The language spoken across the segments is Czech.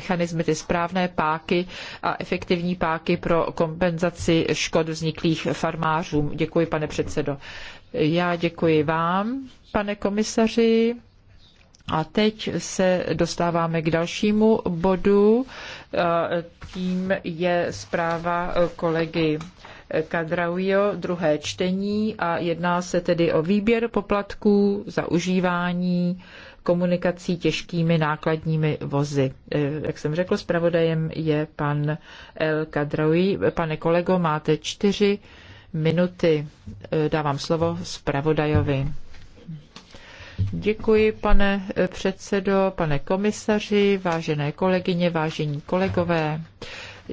mechanismy, ty správné páky a efektivní páky pro kompenzaci škod vzniklých farmářům. Děkuji, pane předsedo. Já děkuji vám, pane komisaři. A teď se dostáváme k dalšímu bodu. Tím je zpráva kolegy Kadraujo, druhé čtení a jedná se tedy o výběr poplatků za užívání komunikací těžkými nákladními vozy. E, jak jsem řekl, zpravodajem je pan El Kadraoui. Pane kolego, máte čtyři minuty. E, dávám slovo zpravodajovi. Děkuji, pane e, předsedo, pane komisaři, vážené kolegyně, vážení kolegové.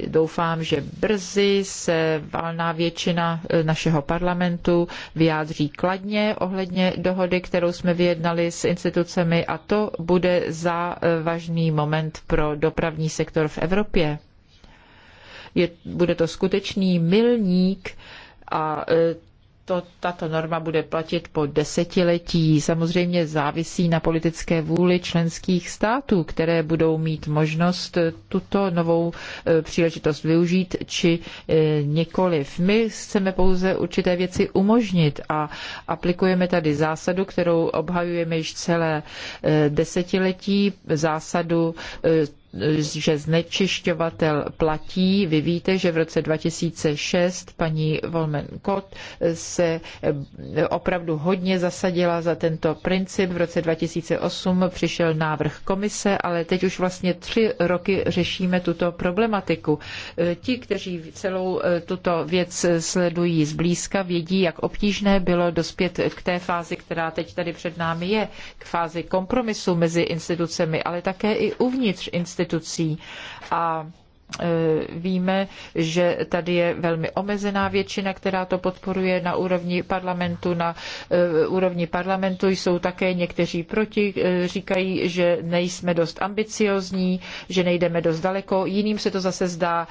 Doufám, že brzy se valná většina eh, našeho parlamentu vyjádří kladně ohledně dohody, kterou jsme vyjednali s institucemi a to bude závažný eh, moment pro dopravní sektor v Evropě. Je, bude to skutečný milník a eh, to, tato norma bude platit po desetiletí. Samozřejmě závisí na politické vůli členských států, které budou mít možnost tuto novou e, příležitost využít či e, nikoliv. My chceme pouze určité věci umožnit a aplikujeme tady zásadu, kterou obhajujeme již celé e, desetiletí, zásadu že znečišťovatel platí. Vy víte, že v roce 2006 paní Volmen Kot se eh, opravdu hodně zasadila za tento princip. V roce 2008 přišel návrh komise, ale teď už vlastně tři roky řešíme tuto problematiku. Eh, ti, kteří celou eh, tuto věc sledují zblízka, vědí, jak obtížné bylo dospět k té fázi, která teď tady před námi je, k fázi kompromisu mezi institucemi, ale také i uvnitř institucí institucí. A Eh, víme, že tady je velmi omezená většina, která to podporuje na úrovni parlamentu. Na eh, úrovni parlamentu jsou také někteří proti, eh, říkají, že nejsme dost ambiciozní, že nejdeme dost daleko. Jiným se to zase zdá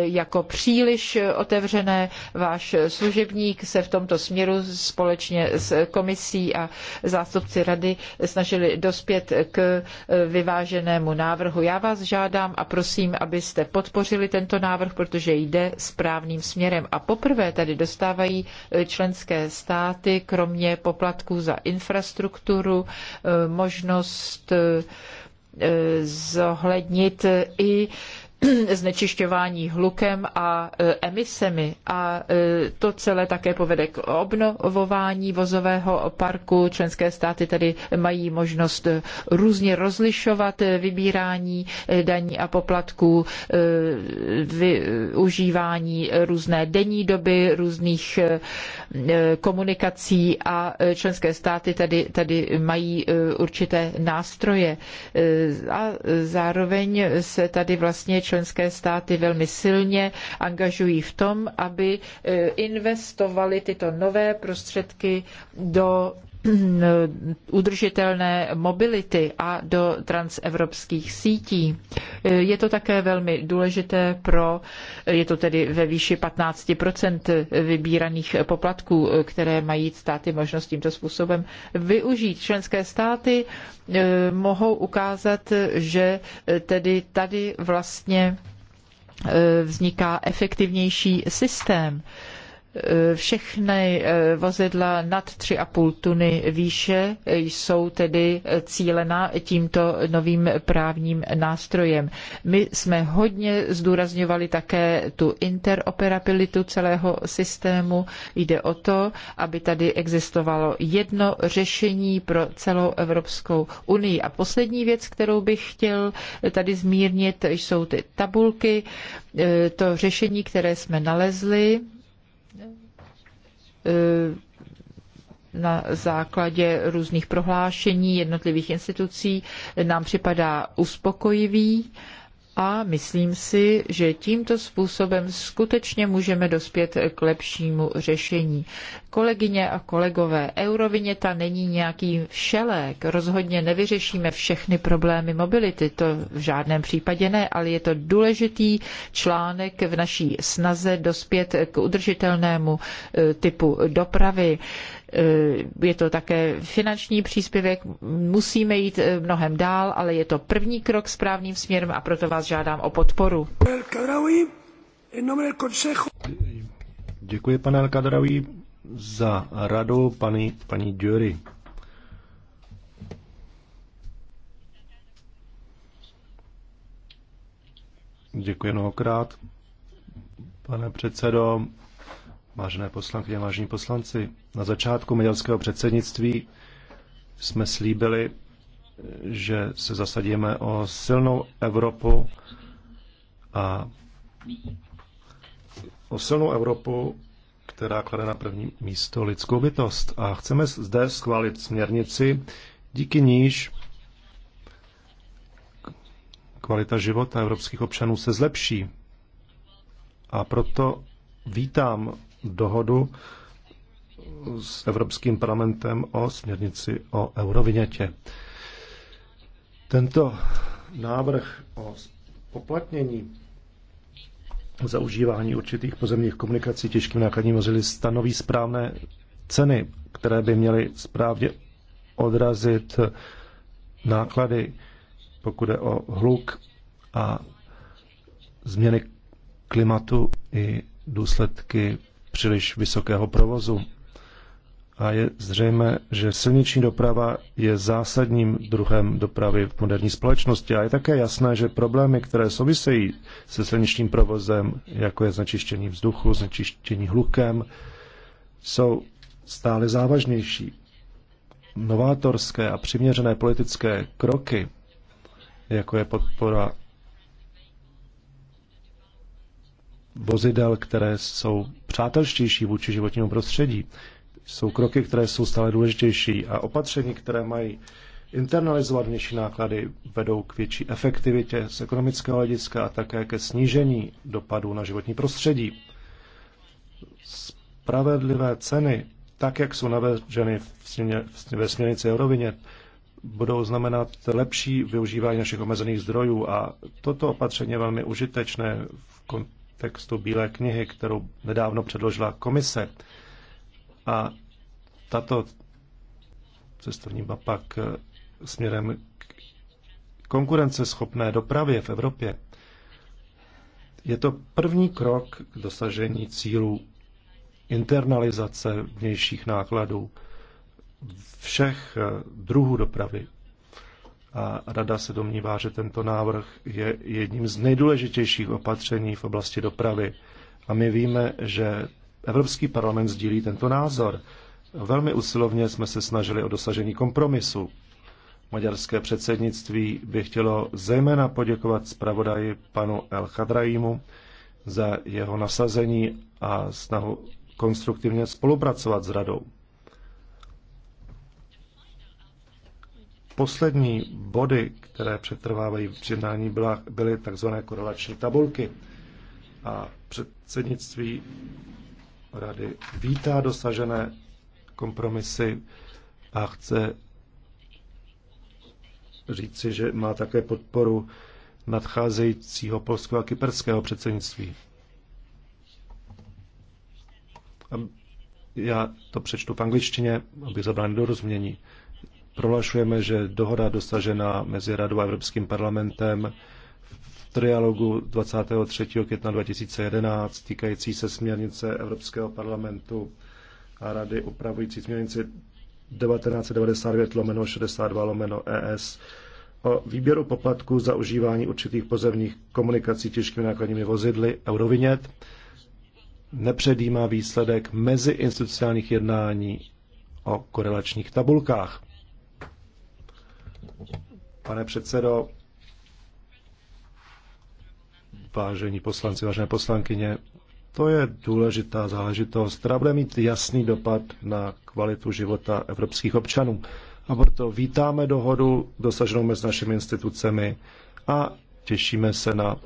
jako příliš otevřené. Váš služebník se v tomto směru společně s komisí a zástupci rady snažili dospět k vyváženému návrhu. Já vás žádám a prosím, abyste podpořili tento návrh, protože jde správným směrem. A poprvé tady dostávají e, členské státy, kromě poplatků za infrastrukturu, e, možnost e, zohlednit i znečišťování hlukem a e, emisemi. A e, to celé také povede k obnovování vozového parku. Členské státy tedy mají možnost různě rozlišovat vybírání e, daní a poplatků, využívání různé denní doby, různých komunikací a členské státy tedy, tedy mají určité nástroje. A zároveň se tady vlastně členské státy velmi silně angažují v tom, aby eh, investovali tyto nové prostředky do Eh, udržitelné mobility a do transevropských sítí. Eh, je to také velmi důležité pro, eh, je to tedy ve výši 15 vybíraných poplatků, které mají státy možnost tímto způsobem využít. Členské státy mohou ukázat, že tedy tady vlastně vzniká efektivnější systém. Eh, všechny eh, vozidla nad 3,5 tuny výše jsou tedy eh, cílena tímto novým právním nástrojem. My jsme hodně zdůrazňovali také tu interoperabilitu celého systému. Jde o to, aby tady existovalo jedno řešení pro celou Evropskou unii. A poslední věc, kterou bych chtěl tady zmírnit, jsou ty tabulky, to řešení, které jsme nalezli E, na základě různých prohlášení jednotlivých institucí nám připadá uspokojivý a myslím si, že tímto způsobem skutečně můžeme dospět k lepšímu řešení. Kolegyně a kolegové, Eurovineta není nějaký všelék, rozhodně nevyřešíme všechny problémy mobility, to v žádném případě ne, ale je to důležitý článek v naší snaze dospět k udržitelnému e, typu dopravy. Eh, je to také finanční příspěvek, musíme jít eh, mnohem dál, ale je to první krok správným směrem a proto vás žádám o podporu. Děkuji, pane Alkadraoui, za radu paní, paní Dury. Děkuji mnohokrát, pane předsedo, Vážené poslankyně, vážení poslanci, na začátku maďarského předsednictví jsme slíbili, že se zasadíme o silnou Evropu a o silnou Evropu, která klade na první místo lidskou bytost. A chceme zde schválit směrnici, díky níž kvalita života evropských občanů se zlepší. A proto vítám dohodu s Evropským parlamentem o směrnici o eurovinětě. Tento návrh o poplatnění za užívání určitých pozemních komunikací těžkým nákladním vozidly stanoví správné ceny, které by měly správně odrazit náklady, pokud je o hluk a změny klimatu i důsledky příliš vysokého provozu. A je zřejmé, že silniční doprava je zásadním druhem dopravy v moderní společnosti. A je také jasné, že problémy, které souvisejí se silničním provozem, jako je znečištění vzduchu, znečištění hlukem, jsou stále závažnější. Novátorské a přiměřené politické kroky, jako je podpora vozidel, které jsou přátelštější vůči životnímu prostředí. Jsou kroky, které jsou stále důležitější a opatření, které mají internalizovat vnější náklady, vedou k větší efektivitě z ekonomického hlediska a také ke snížení dopadů na životní prostředí. Spravedlivé ceny, tak jak jsou navrženy ve směrnici Eurovině, budou znamenat lepší využívání našich omezených zdrojů a toto opatření je velmi užitečné v kontextu textu Bílé knihy, kterou nedávno předložila komise. A tato cestovní mapa k směrem k konkurenceschopné dopravě v Evropě je to první krok k dosažení cílů internalizace vnějších nákladů všech eh, druhů dopravy a Rada se domnívá, že tento návrh je jedním z nejdůležitějších opatření v oblasti dopravy. A my víme, že Evropský parlament sdílí tento názor. Velmi usilovně jsme se snažili o dosažení kompromisu. Maďarské předsednictví by chtělo zejména poděkovat zpravodaji panu El Khadraimu za jeho nasazení a snahu konstruktivně spolupracovat s radou. Poslední body, které přetrvávají v přednání, byla, byly tzv. korelační tabulky. A předsednictví rady vítá dosažené kompromisy a chce říci, že má také podporu nadcházejícího polského a kyperského předsednictví. Já to přečtu v angličtině, aby zabránil do rozumění prohlašujeme, že dohoda dosažená mezi Radou a Evropským parlamentem v trialogu 23. května 2011 týkající se směrnice Evropského parlamentu a Rady upravující směrnici 1999 lomeno 62 lomeno ES o výběru poplatků za užívání určitých pozemních komunikací těžkými nákladními vozidly Eurovinět nepředjímá výsledek mezi institucionálních jednání o korelačních tabulkách. Pane předsedo, vážení poslanci, vážené poslankyně, to je důležitá záležitost, která bude mít jasný dopad na kvalitu života evropských občanů. A proto vítáme dohodu dosaženou mezi našimi institucemi a těšíme se na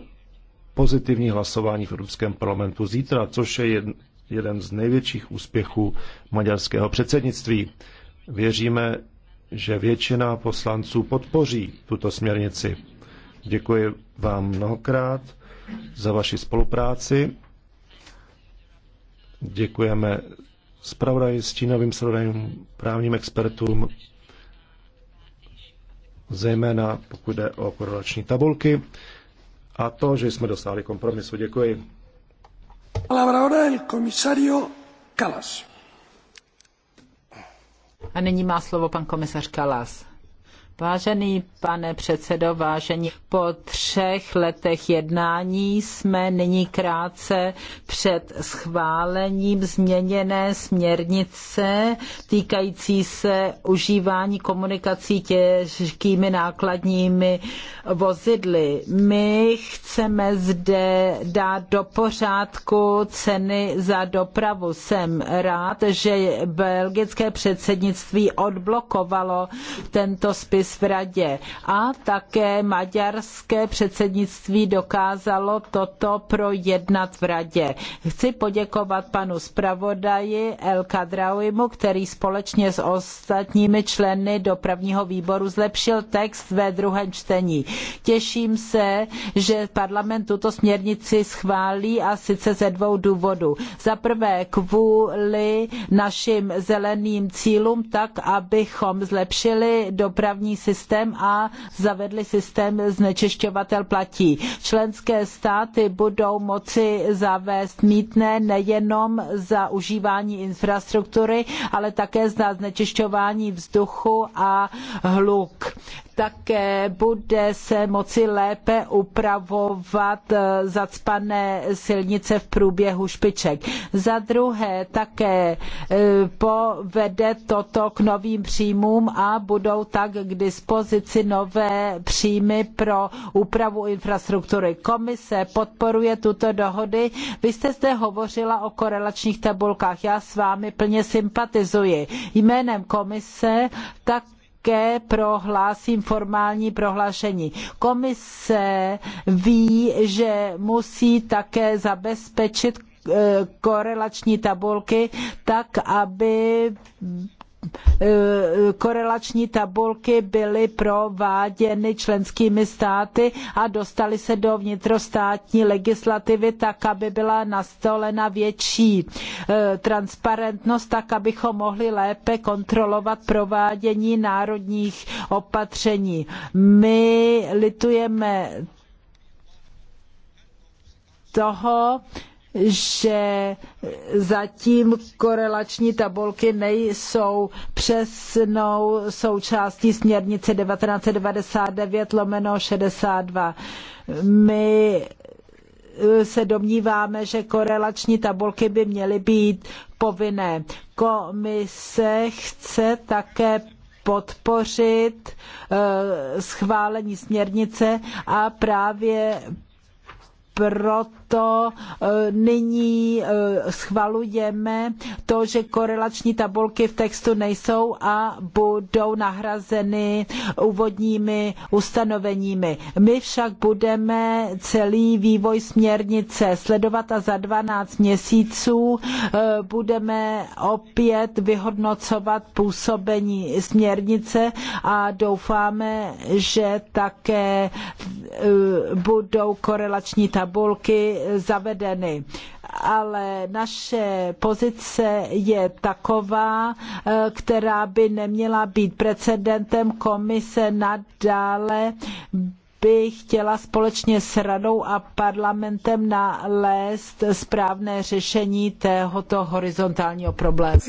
pozitivní hlasování v Evropském parlamentu zítra, což je jeden z největších úspěchů maďarského předsednictví. Věříme, že většina poslanců podpoří tuto směrnici. Děkuji vám mnohokrát za vaši spolupráci. Děkujeme zpravodaji, stínovým zpravodajům, právním expertům, zejména pokud jde o korelační tabulky a to, že jsme dosáhli kompromisu. Děkuji. Palabra ahora el comisario Calas. A nyní má slovo pan komisař Kalas. Vážený pane předsedo, vážení, po třech letech jednání jsme nyní krátce před schválením změněné směrnice týkající se užívání komunikací těžkými nákladními vozidly. My chceme zde dát do pořádku ceny za dopravu. Jsem rád, že belgické předsednictví odblokovalo tento spis kompromis v radě a také maďarské předsednictví dokázalo toto projednat v radě. Chci poděkovat panu zpravodaji El Kadrauimu, který společně s ostatními členy dopravního výboru zlepšil text ve druhém čtení. Těším se, že parlament tuto směrnici schválí a sice ze dvou důvodů. Za prvé kvůli našim zeleným cílům tak, abychom zlepšili dopravní systém a zavedli systém znečišťovatel platí. Členské státy budou moci zavést mítné nejenom za užívání infrastruktury, ale také za znečišťování vzduchu a hluk také bude se moci lépe upravovat eh, zacpané silnice v průběhu špiček. Za druhé také eh, povede toto k novým příjmům a budou tak k dispozici nové příjmy pro úpravu infrastruktury. Komise podporuje tuto dohody. Vy jste zde hovořila o korelačních tabulkách. Já s vámi plně sympatizuji. Jménem komise tak také prohlásím formální prohlášení. Komise ví, že musí také zabezpečit eh, korelační tabulky tak, aby Eh, korelační tabulky byly prováděny členskými státy a dostaly se do vnitrostátní legislativy tak, aby byla nastolena větší eh, transparentnost, tak abychom mohli lépe kontrolovat provádění národních opatření. My litujeme toho, že zatím korelační tabulky nejsou přesnou součástí směrnice 1999 lomeno 62. My se domníváme, že korelační tabulky by měly být povinné. Komise chce také podpořit eh, schválení směrnice a právě proto to e, nyní e, schvalujeme to, že korelační tabulky v textu nejsou a budou nahrazeny úvodními ustanoveními. My však budeme celý vývoj směrnice sledovat a za 12 měsíců e, budeme opět vyhodnocovat působení směrnice a doufáme, že také budou korelační tabulky zavedeny. Ale naše pozice je taková, eh, která by neměla být precedentem komise nadále by chtěla společně s radou a parlamentem nalézt správné řešení tohoto horizontálního problému.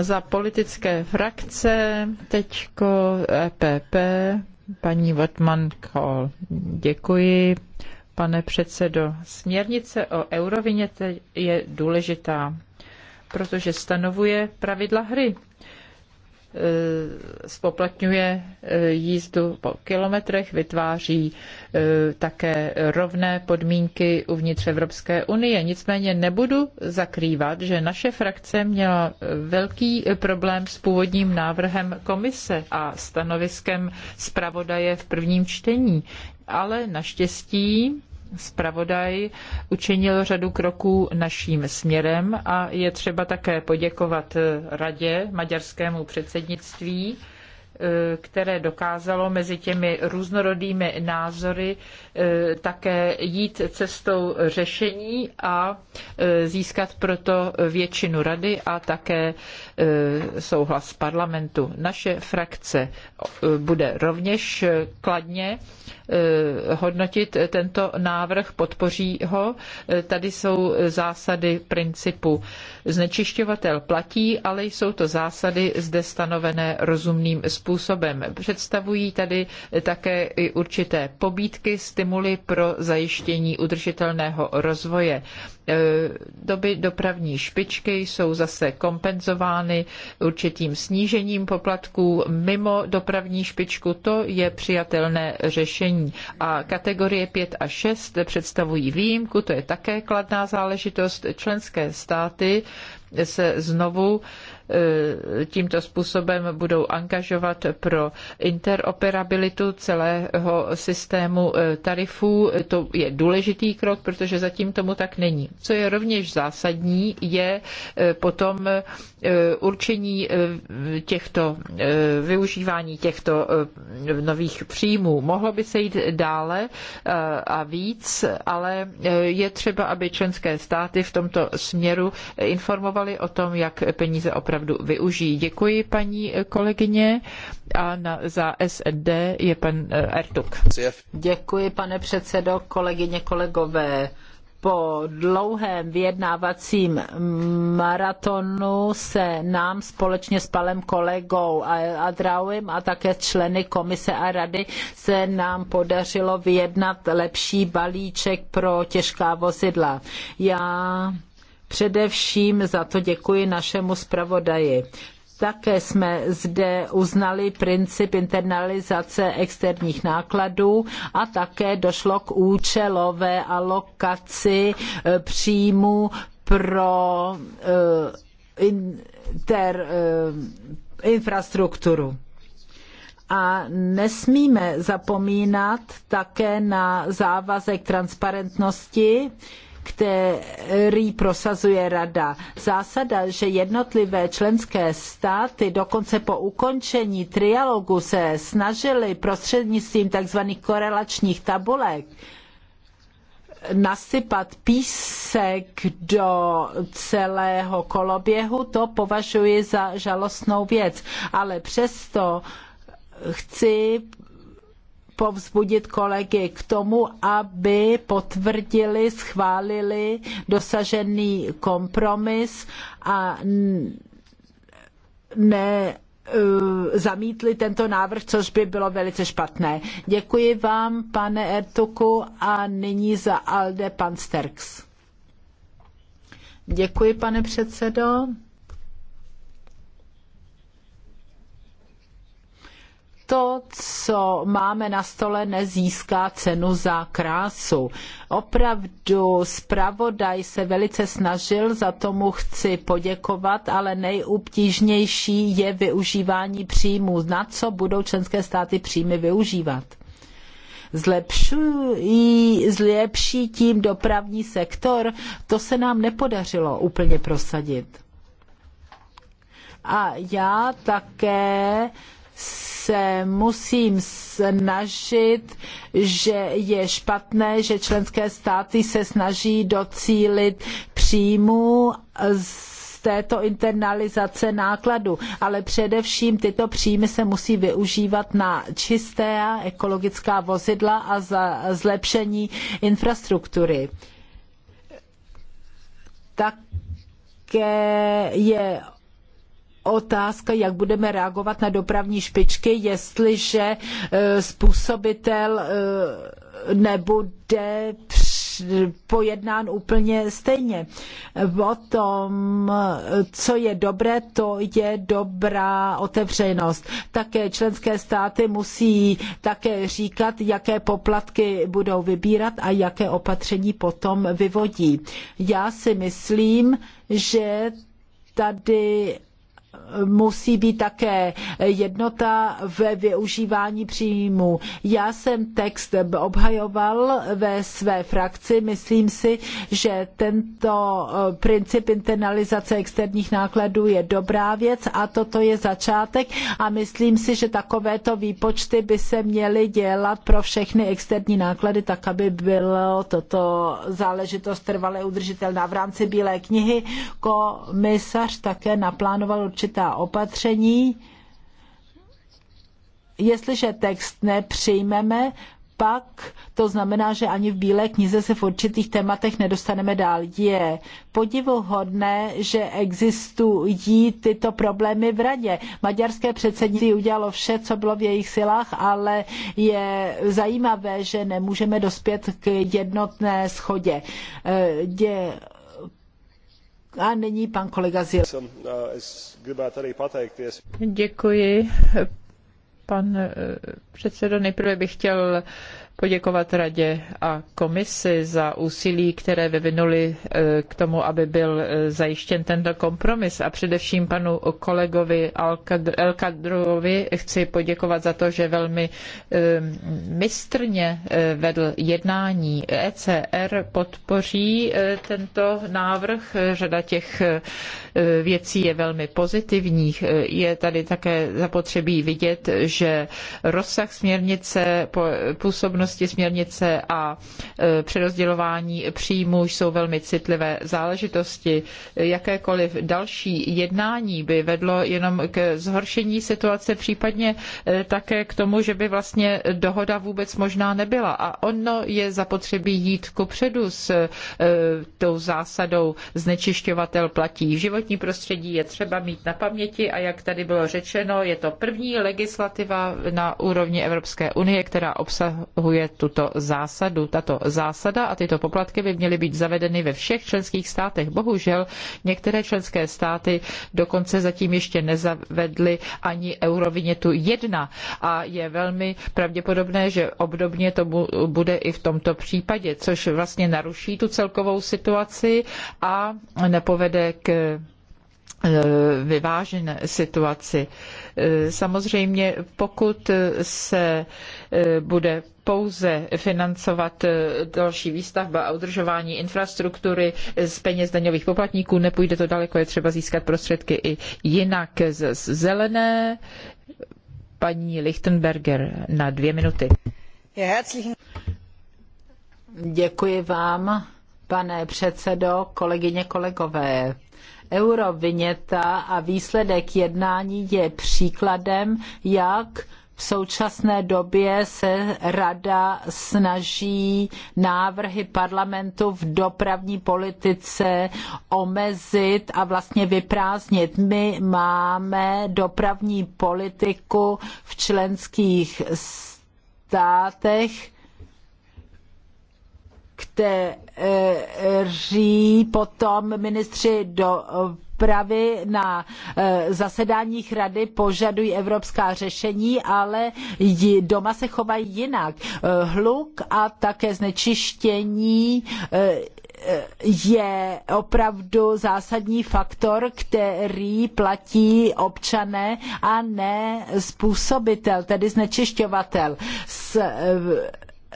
Za politické frakce teďko EPP Paní Votman Kohl, děkuji. Pane předsedo, směrnice o euroviněte je důležitá, protože stanovuje pravidla hry Eh, spoplatňuje eh, jízdu po kilometrech, vytváří eh, také rovné podmínky uvnitř Evropské unie. Nicméně nebudu zakrývat, že naše frakce měla velký problém s původním návrhem komise a stanoviskem zpravodaje v prvním čtení. Ale naštěstí zpravodaj učinil řadu kroků naším směrem a je třeba také poděkovat radě maďarskému předsednictví, eh, které dokázalo mezi těmi různorodými názory E, také jít cestou řešení a e, získat proto většinu rady a také e, souhlas parlamentu. Naše frakce bude rovněž kladně hodnotit tento návrh, podpoří ho. Tady jsou zásady principu znečišťovatel platí, ale jsou to zásady zde stanovené rozumným způsobem. Představují tady také i určité pobídky, stimulace stimuly pro zajištění udržitelného rozvoje. E, doby dopravní špičky jsou zase kompenzovány určitým snížením poplatků mimo dopravní špičku. To je přijatelné řešení. A kategorie 5 a 6 představují výjimku, to je také kladná záležitost. Členské státy se znovu E, tímto způsobem budou angažovat pro interoperabilitu celého systému e, tarifů. To je důležitý krok, protože zatím tomu tak není. Co je rovněž zásadní, je e, potom určení těchto, využívání těchto nových příjmů. Mohlo by se jít dále a víc, ale je třeba, aby členské státy v tomto směru informovaly o tom, jak peníze opravdu opravdu využijí. Děkuji, paní kolegyně. A na, za D je pan eh, Ertuk. Děkuji, pane předsedo, kolegyně, kolegové po dlouhém vyjednávacím maratonu se nám společně s panem kolegou Adrauem a také členy komise a rady se nám podařilo vyjednat lepší balíček pro těžká vozidla. Já Především za to děkuji našemu zpravodaji. Také jsme zde uznali princip internalizace externích nákladů a také došlo k účelové alokaci e, příjmu pro e, inter, e, infrastrukturu. A nesmíme zapomínat také na závazek transparentnosti, který prosazuje Rada. Zásada, že jednotlivé členské státy dokonce po ukončení trialogu se snažily prostřednictvím tzv. korelačních tabulek nasypat písek do celého koloběhu, to považuji za žalostnou věc. Ale přesto chci povzbudit kolegy k tomu, aby potvrdili, schválili dosažený kompromis a ne eh, zamítli tento návrh, což by bylo velice špatné. Děkuji vám, pane Ertuku, a nyní za ALDE pan Sterks. Děkuji, pane předsedo. to, co máme na stole, nezíská cenu za krásu. Opravdu zpravodaj se velice snažil, za tomu chci poděkovat, ale nejobtížnější je využívání příjmů. Na co budou členské státy příjmy využívat? Zlepšují, zlepší tím dopravní sektor, to se nám nepodařilo úplně prosadit. A já také se musím snažit, že je špatné, že členské státy se snaží docílit příjmů z této internalizace nákladu, ale především tyto příjmy se musí využívat na čisté ekologická vozidla a za zlepšení infrastruktury. Také je otázka, jak budeme reagovat na dopravní špičky, jestliže e, způsobitel e, nebude pojednán úplně stejně. O tom, co je dobré, to je dobrá otevřenost. Také členské státy musí také říkat, jaké poplatky budou vybírat a jaké opatření potom vyvodí. Já si myslím, že tady musí být také jednota ve využívání příjmů. Já jsem text obhajoval ve své frakci. Myslím si, že tento eh, princip internalizace externích nákladů je dobrá věc a toto je začátek a myslím si, že takovéto výpočty by se měly dělat pro všechny externí náklady, tak aby bylo toto záležitost trvale udržitelná. V rámci Bílé knihy komisař také naplánoval určitě určitá opatření. Jestliže text nepřijmeme, pak to znamená, že ani v Bílé knize se v určitých tématech nedostaneme dál. Je podivuhodné, že existují tyto problémy v radě. Maďarské předsednictví udělalo vše, co bylo v jejich silách, ale je zajímavé, že nemůžeme dospět k jednotné schodě. Je a nyní pan kolega Zil. Eh, Děkuji, pan eh, předsedo. Nejprve bych chtěl poděkovat radě a komisi za úsilí, které vyvinuli eh, k tomu, aby byl eh, zajištěn tento kompromis a především panu kolegovi Elkadrovi chci poděkovat za to, že velmi eh, mistrně vedl jednání. ECR podpoří tento návrh. Řada těch Eh, věcí je velmi pozitivních. Eh, je tady také zapotřebí vidět, že rozsah směrnice, působnosti směrnice a eh, přerozdělování příjmů jsou velmi citlivé záležitosti. Jakékoliv další jednání by vedlo jenom k zhoršení situace, případně také k tomu, že by vlastně dohoda vůbec možná nebyla. A ono je zapotřebí jít kupředu s tou zásadou znečišťovatel platí. V životní prostředí je třeba mít na paměti a jak tady bylo řečeno, je to první legislativa na úrovni Evropské unie, která obsahuje tuto zásadu. Tato zásada a tyto poplatky by měly být zavedeny ve všech členských státech. Bohužel některé členské státy dokonce zatím ještě nezavedly ani eurovinětu jedna a je velmi pravděpodobné, že obdobně to bude i v tomto případě, což vlastně naruší tu celkovou situaci a nepovede k Eh, vyvážené situaci. Eh, samozřejmě, pokud se eh, bude pouze financovat další výstavba a udržování infrastruktury z peněz daňových poplatníků, nepůjde to daleko, je třeba získat prostředky i jinak z zelené. Paní Lichtenberger na dvě minuty. Děkuji vám, pane předsedo, kolegyně, kolegové Euroviněta a výsledek jednání je příkladem, jak v současné době se rada snaží návrhy parlamentu v dopravní politice omezit a vlastně vyprázdnit. My máme dopravní politiku v členských státech, kteří potom ministři do právě na eh, zasedáních rady požadují evropská řešení, ale doma se chovají jinak. Eh, hluk a také znečištění eh, je opravdu zásadní faktor, který platí občané a ne způsobitel, tedy znečišťovatel. S,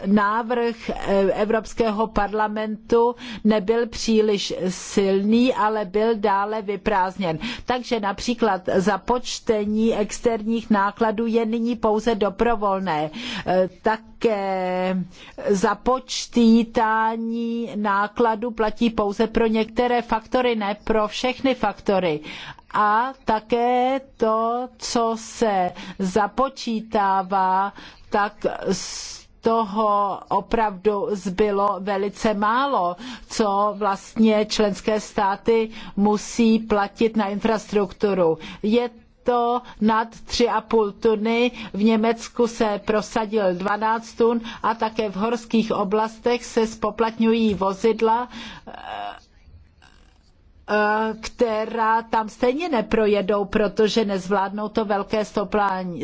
návrh eh, Evropského parlamentu nebyl příliš silný, ale byl dále vyprázdněn. Takže například započtení externích nákladů je nyní pouze doprovolné. Eh, také započtítání nákladů platí pouze pro některé faktory, ne pro všechny faktory a také to, co se započítává, tak toho opravdu zbylo velice málo, co vlastně členské státy musí platit na infrastrukturu. Je to nad 3,5 tuny, v Německu se prosadil 12 tun a také v horských oblastech se spoplatňují vozidla Eh, která tam stejně neprojedou, protože nezvládnou to velké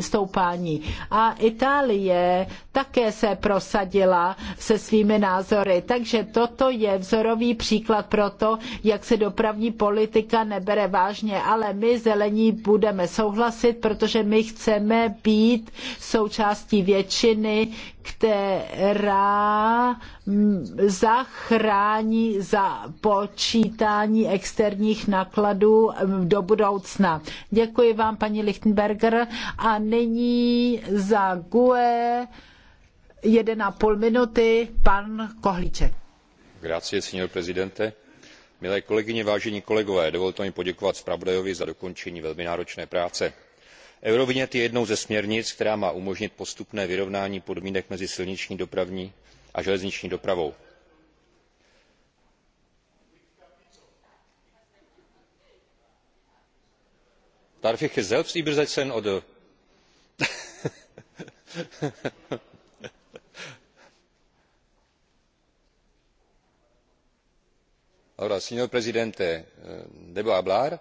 stoupání, A Itálie také se prosadila se svými názory. Takže toto je vzorový příklad pro to, jak se dopravní politika nebere vážně. Ale my zelení budeme souhlasit, protože my chceme být součástí většiny, která mm, zachrání za počítání externích nákladů mm, do budoucna. Děkuji vám, paní Lichtenberger. A nyní za GUE půl minuty pan Kohlíček. Grazie, signor prezidente. Milé kolegyně, vážení kolegové, dovolte mi poděkovat zpravodajovi za dokončení velmi náročné práce eurovinět je jednou ze směrnic která má umožnit postupné vyrovnání podmínek mezi silniční dopravní a železniční dopravou. darf ich es selbst übersetzen oder? señor presidente debo eh, hablar?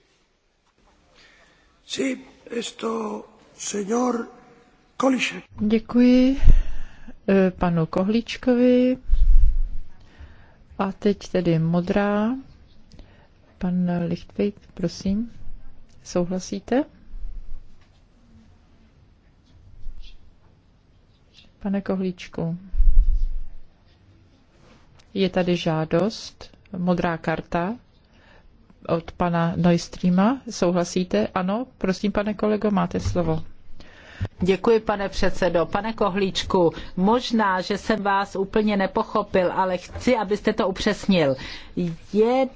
Děkuji eh, panu Kohlíčkovi. A teď tedy modrá. Pan Lichtvejt, prosím, souhlasíte? Pane Kohlíčku, je tady žádost, modrá karta od pana Neustreama. Souhlasíte? Ano, prosím, pane kolego, máte slovo. Děkuji, pane předsedo. Pane Kohlíčku, možná, že jsem vás úplně nepochopil, ale chci, abyste to upřesnil. Je,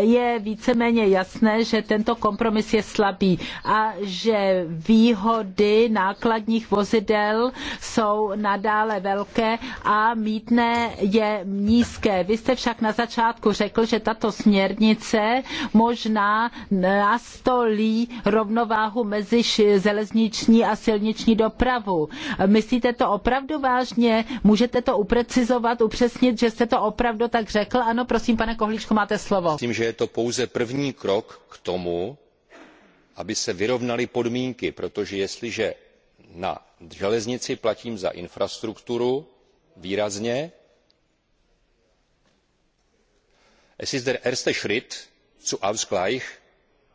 je víceméně jasné, že tento kompromis je slabý a že výhody nákladních vozidel jsou nadále velké a mítné je nízké. Vy jste však na začátku řekl, že tato směrnice možná nastolí rovnováhu mezi železniční a silniční silniční dopravu. Myslíte to opravdu vážně? Můžete to uprecizovat, upřesnit, že jste to opravdu tak řekl? Ano, prosím, pane Kohlíčku, máte slovo. Myslím, že je to pouze první krok k tomu, aby se vyrovnaly podmínky, protože jestliže na železnici platím za infrastrukturu výrazně, es ist der erste schritt zu ausgleich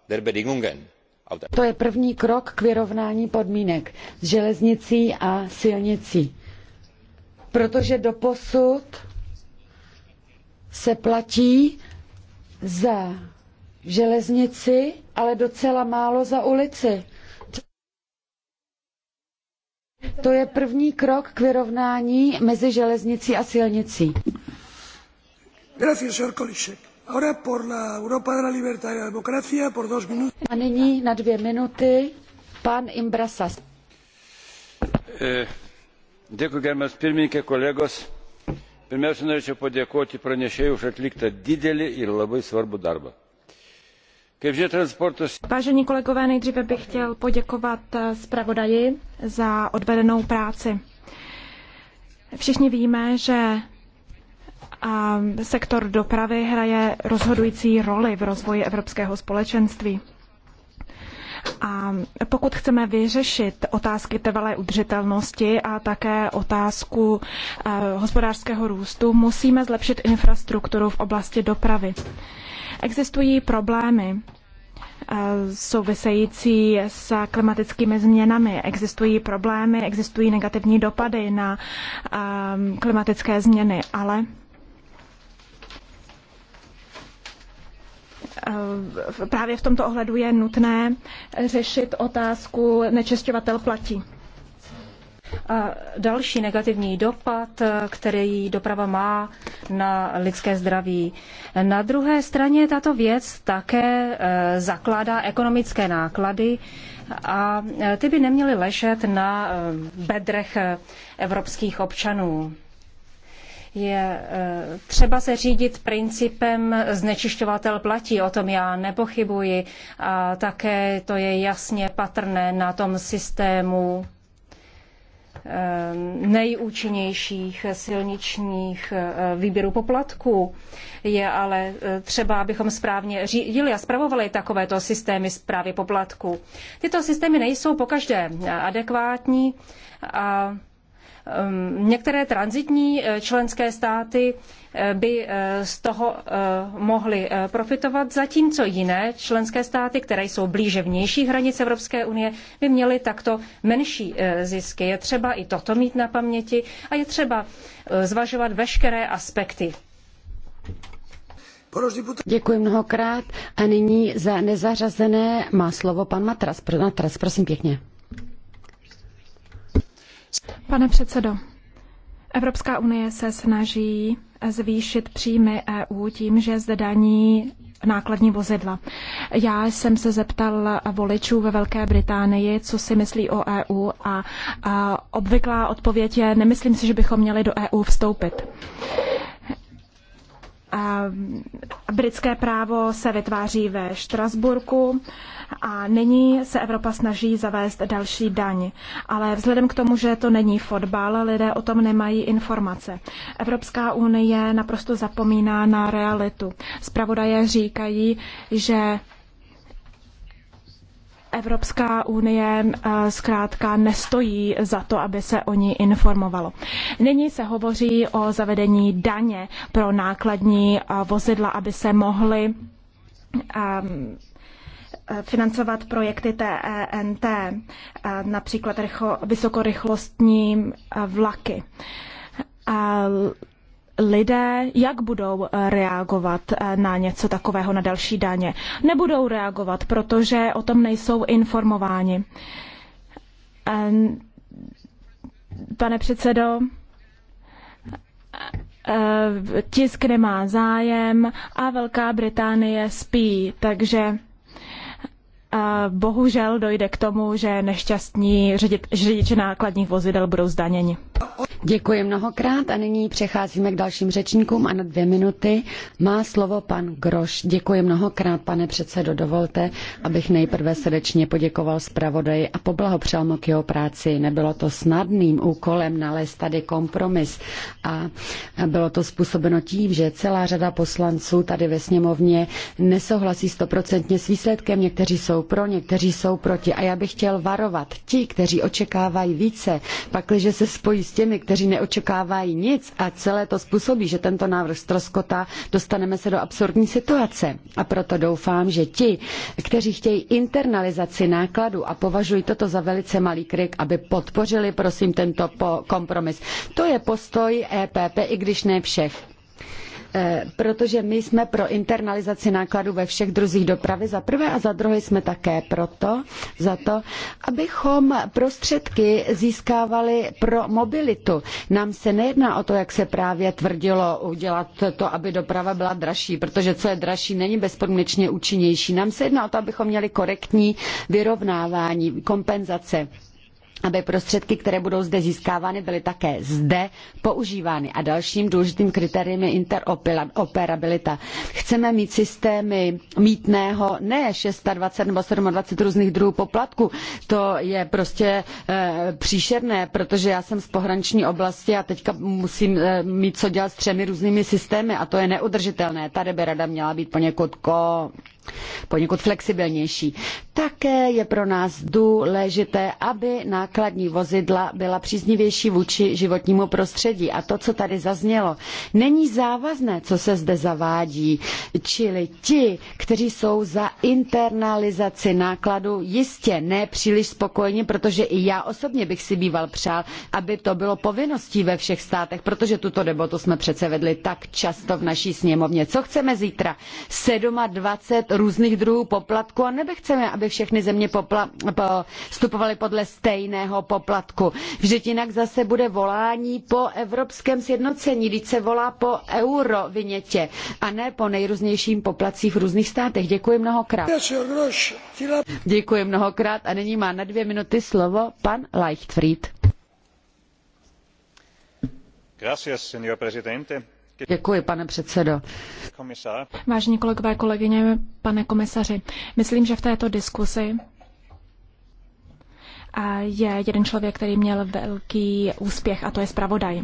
der bedingungen. To je první krok k vyrovnání podmínek s železnicí a silnicí. Protože doposud se platí za železnici, ale docela málo za ulici. To je první krok k vyrovnání mezi železnicí a silnicí. Gracias, señor Kolišek. A nyní na dvě minuty pan Imbrasas. E, dėkui, gerbiamas pirmininkė, kolegos. Pirmiausia, norėčiau padėkoti pranešėjui už atliktą didelį ir labai svarbų darbą. Vážení kolegové, nejdříve bych chtěl poděkovat e, zpravodaji za odvedenou práci. Všichni víme, že a sektor dopravy hraje rozhodující roli v rozvoji evropského společenství. A pokud chceme vyřešit otázky trvalé udržitelnosti a také otázku eh, hospodářského růstu, musíme zlepšit infrastrukturu v oblasti dopravy. Existují problémy eh, související s klimatickými změnami. Existují problémy, existují negativní dopady na eh, klimatické změny, ale právě v tomto ohledu je nutné řešit otázku nečišťovatel platí. A další negativní dopad, který doprava má na lidské zdraví. Na druhé straně tato věc také e, zakládá ekonomické náklady a e, ty by neměly ležet na e, bedrech evropských občanů. Je eh, třeba se řídit principem znečišťovatel platí, o tom já nepochybuji a také to je jasně patrné na tom systému eh, nejúčinnějších silničních eh, výběrů poplatků. Je ale třeba, abychom správně řídili a spravovali takovéto systémy správy poplatků. Tyto systémy nejsou pokaždé adekvátní a Ehm, některé transitní eh, členské státy eh, by eh, z toho mohly profitovat, zatímco jiné členské státy, které jsou blíže vnější hranic Evropské unie, by měly takto menší zisky. Je třeba i toto mít na paměti a je třeba zvažovat veškeré aspekty. Děkuji mnohokrát a nyní za nezařazené má slovo pan Matras. Matras, prosím pěkně. Pane předsedo, Evropská unie se snaží zvýšit příjmy EU tím, že zde daní nákladní vozidla. Já jsem se zeptal voličů ve Velké Británii, co si myslí o EU a, a obvyklá odpověď je, nemyslím si, že bychom měli do EU vstoupit. Britské právo se vytváří ve Štrasburku a nyní se Evropa snaží zavést další daň. Ale vzhledem k tomu, že to není fotbal, lidé o tom nemají informace. Evropská unie naprosto zapomíná na realitu. Zpravodaje říkají, že Evropská unie eh, zkrátka nestojí za to, aby se o ní informovalo. Nyní se hovoří o zavedení daně pro nákladní eh, vozidla, aby se mohly um, financovat projekty TENT, e například rychlo, vysokorychlostní vlaky lidé, jak budou eh, reagovat eh, na něco takového, na další daně. Nebudou reagovat, protože o tom nejsou informováni. Pane předsedo, eh, tisk nemá zájem a Velká Británie spí, takže bohužel dojde k tomu, že nešťastní řidiči nákladních vozidel budou zdaněni. Děkuji mnohokrát a nyní přecházíme k dalším řečníkům a na dvě minuty má slovo pan Groš. Děkuji mnohokrát, pane předsedo. Dovolte, abych nejprve srdečně poděkoval zpravodaji a poblahopřál mu k jeho práci. Nebylo to snadným úkolem nalézt tady kompromis a bylo to způsobeno tím, že celá řada poslanců tady ve sněmovně nesouhlasí stoprocentně s výsledkem. Někteří jsou pro pro, někteří jsou proti. A já bych chtěl varovat ti, kteří očekávají více, pakliže se spojí s těmi, kteří neočekávají nic a celé to způsobí, že tento návrh stroskotá, dostaneme se do absurdní situace. A proto doufám, že ti, kteří chtějí internalizaci nákladu a považují toto za velice malý krik, aby podpořili, prosím, tento kompromis. To je postoj EPP, i když ne všech. Eh, protože my jsme pro internalizaci nákladů ve všech druzích dopravy za prvé a za druhé jsme také proto, za to, abychom prostředky získávali pro mobilitu. Nám se nejedná o to, jak se právě tvrdilo udělat to, aby doprava byla dražší, protože co je dražší, není bezpodmínečně účinnější. Nám se jedná o to, abychom měli korektní vyrovnávání, kompenzace aby prostředky, které budou zde získávány, byly také zde používány. A dalším důležitým kritériem je interoperabilita. Chceme mít systémy mítného ne 26 nebo 27 různých druhů poplatků. To je prostě e, příšerné, protože já jsem z pohraniční oblasti a teďka musím e, mít co dělat s třemi různými systémy a to je neudržitelné. Tady by rada měla být poněkud ko poněkud flexibilnější. Také je pro nás důležité, aby nákladní vozidla byla příznivější vůči životnímu prostředí. A to, co tady zaznělo, není závazné, co se zde zavádí. Čili ti, kteří jsou za internalizaci nákladu, jistě ne příliš spokojeni, protože i já osobně bych si býval přál, aby to bylo povinností ve všech státech, protože tuto debatu jsme přece vedli tak často v naší sněmovně. Co chceme zítra? 27 různých druhů poplatku a nechceme, aby všechny země popla- podle stejného poplatku. Vždyť jinak zase bude volání po evropském sjednocení, když se volá po eurovinětě a ne po nejrůznějším poplacích v různých státech. Děkuji mnohokrát. Děkuji mnohokrát a nyní má na dvě minuty slovo pan Leichtfried. Gracias, señor presidente Děkuji, pane předsedo. Vážení kolegové, kolegyně, pane komisaři, myslím, že v této diskusi je jeden člověk, který měl velký úspěch, a to je zpravodaj.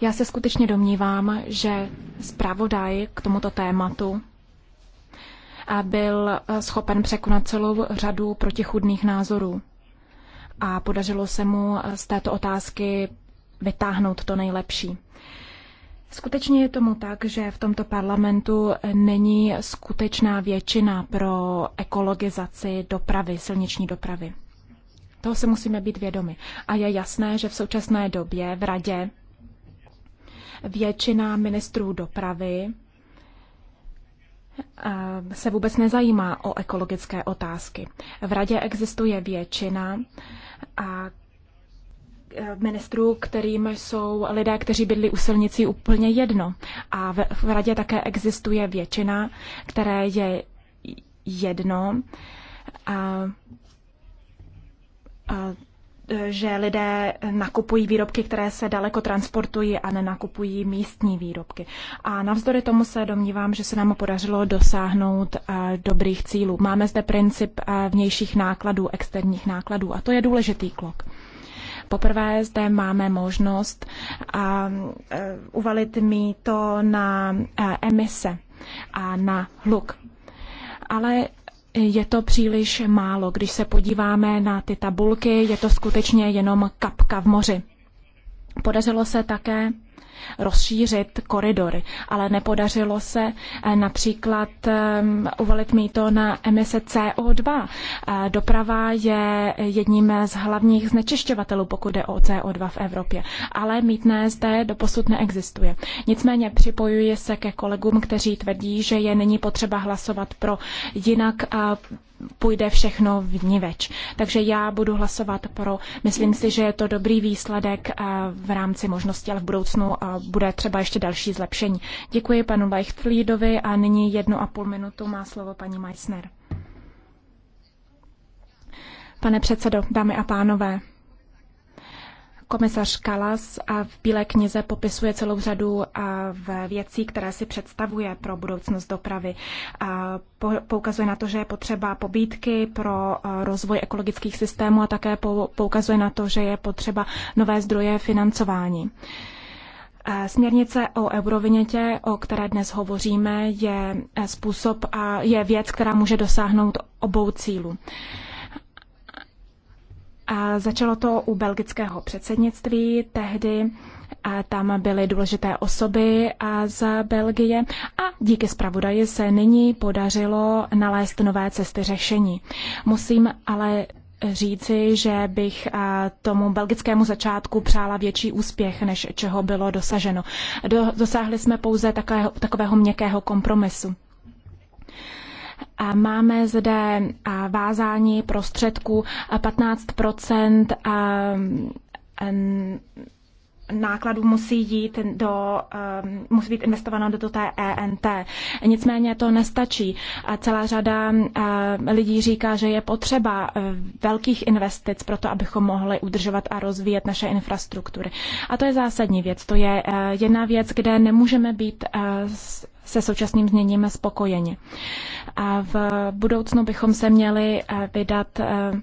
Já se skutečně domnívám, že zpravodaj k tomuto tématu a byl schopen překonat celou řadu protichudných názorů. A podařilo se mu z této otázky vytáhnout to nejlepší. Skutečně je tomu tak, že v tomto parlamentu není skutečná většina pro ekologizaci dopravy, silniční dopravy. Toho se musíme být vědomi. A je jasné, že v současné době v radě většina ministrů dopravy eh, se vůbec nezajímá o ekologické otázky. V radě existuje většina, ministrů, kterým jsou lidé, kteří bydlí u silnicí úplně jedno. A v, v radě také existuje většina, které je jedno, a, a, že lidé nakupují výrobky, které se daleko transportují a nenakupují místní výrobky. A navzdory tomu se domnívám, že se nám podařilo dosáhnout dobrých cílů. Máme zde princip vnějších nákladů, externích nákladů a to je důležitý krok. Poprvé zde máme možnost e, uvalit mýto na e, emise a na hluk. Ale je to příliš málo. Když se podíváme na ty tabulky, je to skutečně jenom kapka v moři. Podařilo se také rozšířit koridory, ale nepodařilo se eh, například ehm, uvalit mýto na emise CO2. Eh, doprava je jedním z hlavních znečišťovatelů, pokud jde o CO2 v Evropě, ale mítné zde doposud neexistuje. Nicméně připojuji se ke kolegům, kteří tvrdí, že je není potřeba hlasovat pro, jinak a eh, půjde všechno v ní več. Takže já budu hlasovat pro. Myslím si, že je to dobrý výsledek v rámci možnosti, ale v budoucnu bude třeba ještě další zlepšení. Děkuji panu Leichtfliedovi a nyní jednu a půl minutu má slovo paní Meissner. Pane předsedo, dámy a pánové, komisař Kalas a v Bílé knize popisuje celou řadu věcí, které si představuje pro budoucnost dopravy. Poukazuje na to, že je potřeba pobídky pro rozvoj ekologických systémů a také poukazuje na to, že je potřeba nové zdroje financování. Směrnice o eurovinětě, o které dnes hovoříme, je eh, způsob a je věc, která může dosáhnout obou cílů. A začalo to u belgického předsednictví, tehdy a eh, tam byly důležité osoby a eh, z Belgie a díky zpravodaji se nyní podařilo nalézt nové cesty řešení. Musím ale říci, že bych tomu belgickému začátku přála větší úspěch, než čeho bylo dosaženo. Do, dosáhli jsme pouze takového, takového měkkého kompromisu. A máme zde vázání prostředků 15 a, nákladů musí jít do, ehm, musí být investováno do té ENT. Nicméně to nestačí. Celá řada ehm, lidí říká, že je potřeba eh, velkých investic pro to, abychom mohli udržovat a rozvíjet naše infrastruktury. A to je zásadní věc. To je eh, jedna věc, kde nemůžeme být eh, se současným změním spokojeni. A v budoucnu bychom se měli vydat ehm,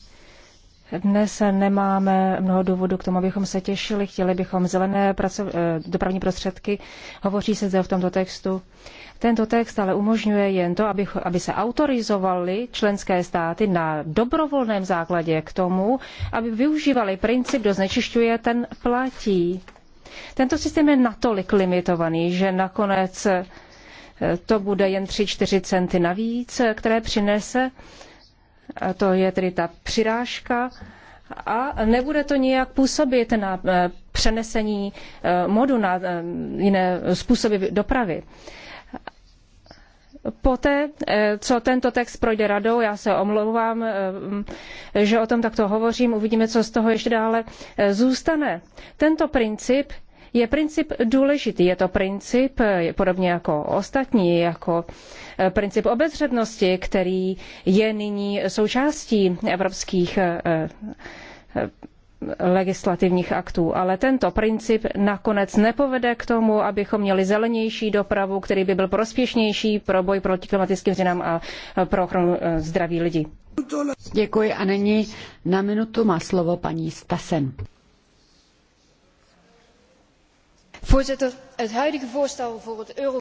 dnes nemáme mnoho důvodů k tomu, abychom se těšili. Chtěli bychom zelené pracov, eh, dopravní prostředky. Hovoří se zde v tomto textu. Tento text ale umožňuje jen to, aby, aby se autorizovaly členské státy na dobrovolném základě k tomu, aby využívali princip, kdo znečišťuje, ten platí. Tento systém je natolik limitovaný, že nakonec eh, to bude jen 3-4 centy navíc, eh, které přinese to je tedy ta přirážka, a nebude to nijak působit na eh, přenesení eh, modu na eh, jiné způsoby dopravy. Poté, co tento text projde radou, já se omlouvám, že o tom takto hovořím, uvidíme, co z toho ještě dále zůstane. Tento princip je princip důležitý. Je to princip podobně jako ostatní, jako eh, princip obezřetnosti, který je nyní součástí evropských eh, eh, legislativních aktů. Ale tento princip nakonec nepovede k tomu, abychom měli zelenější dopravu, který by byl prospěšnější pro boj proti klimatickým změnám a pro ochranu zdraví lidí. Děkuji a nyní na minutu má slovo paní Stasen.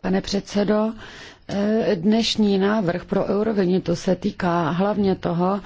Pane předsedo, eh, dnešní návrh pro eurovignetu se týká hlavně toho,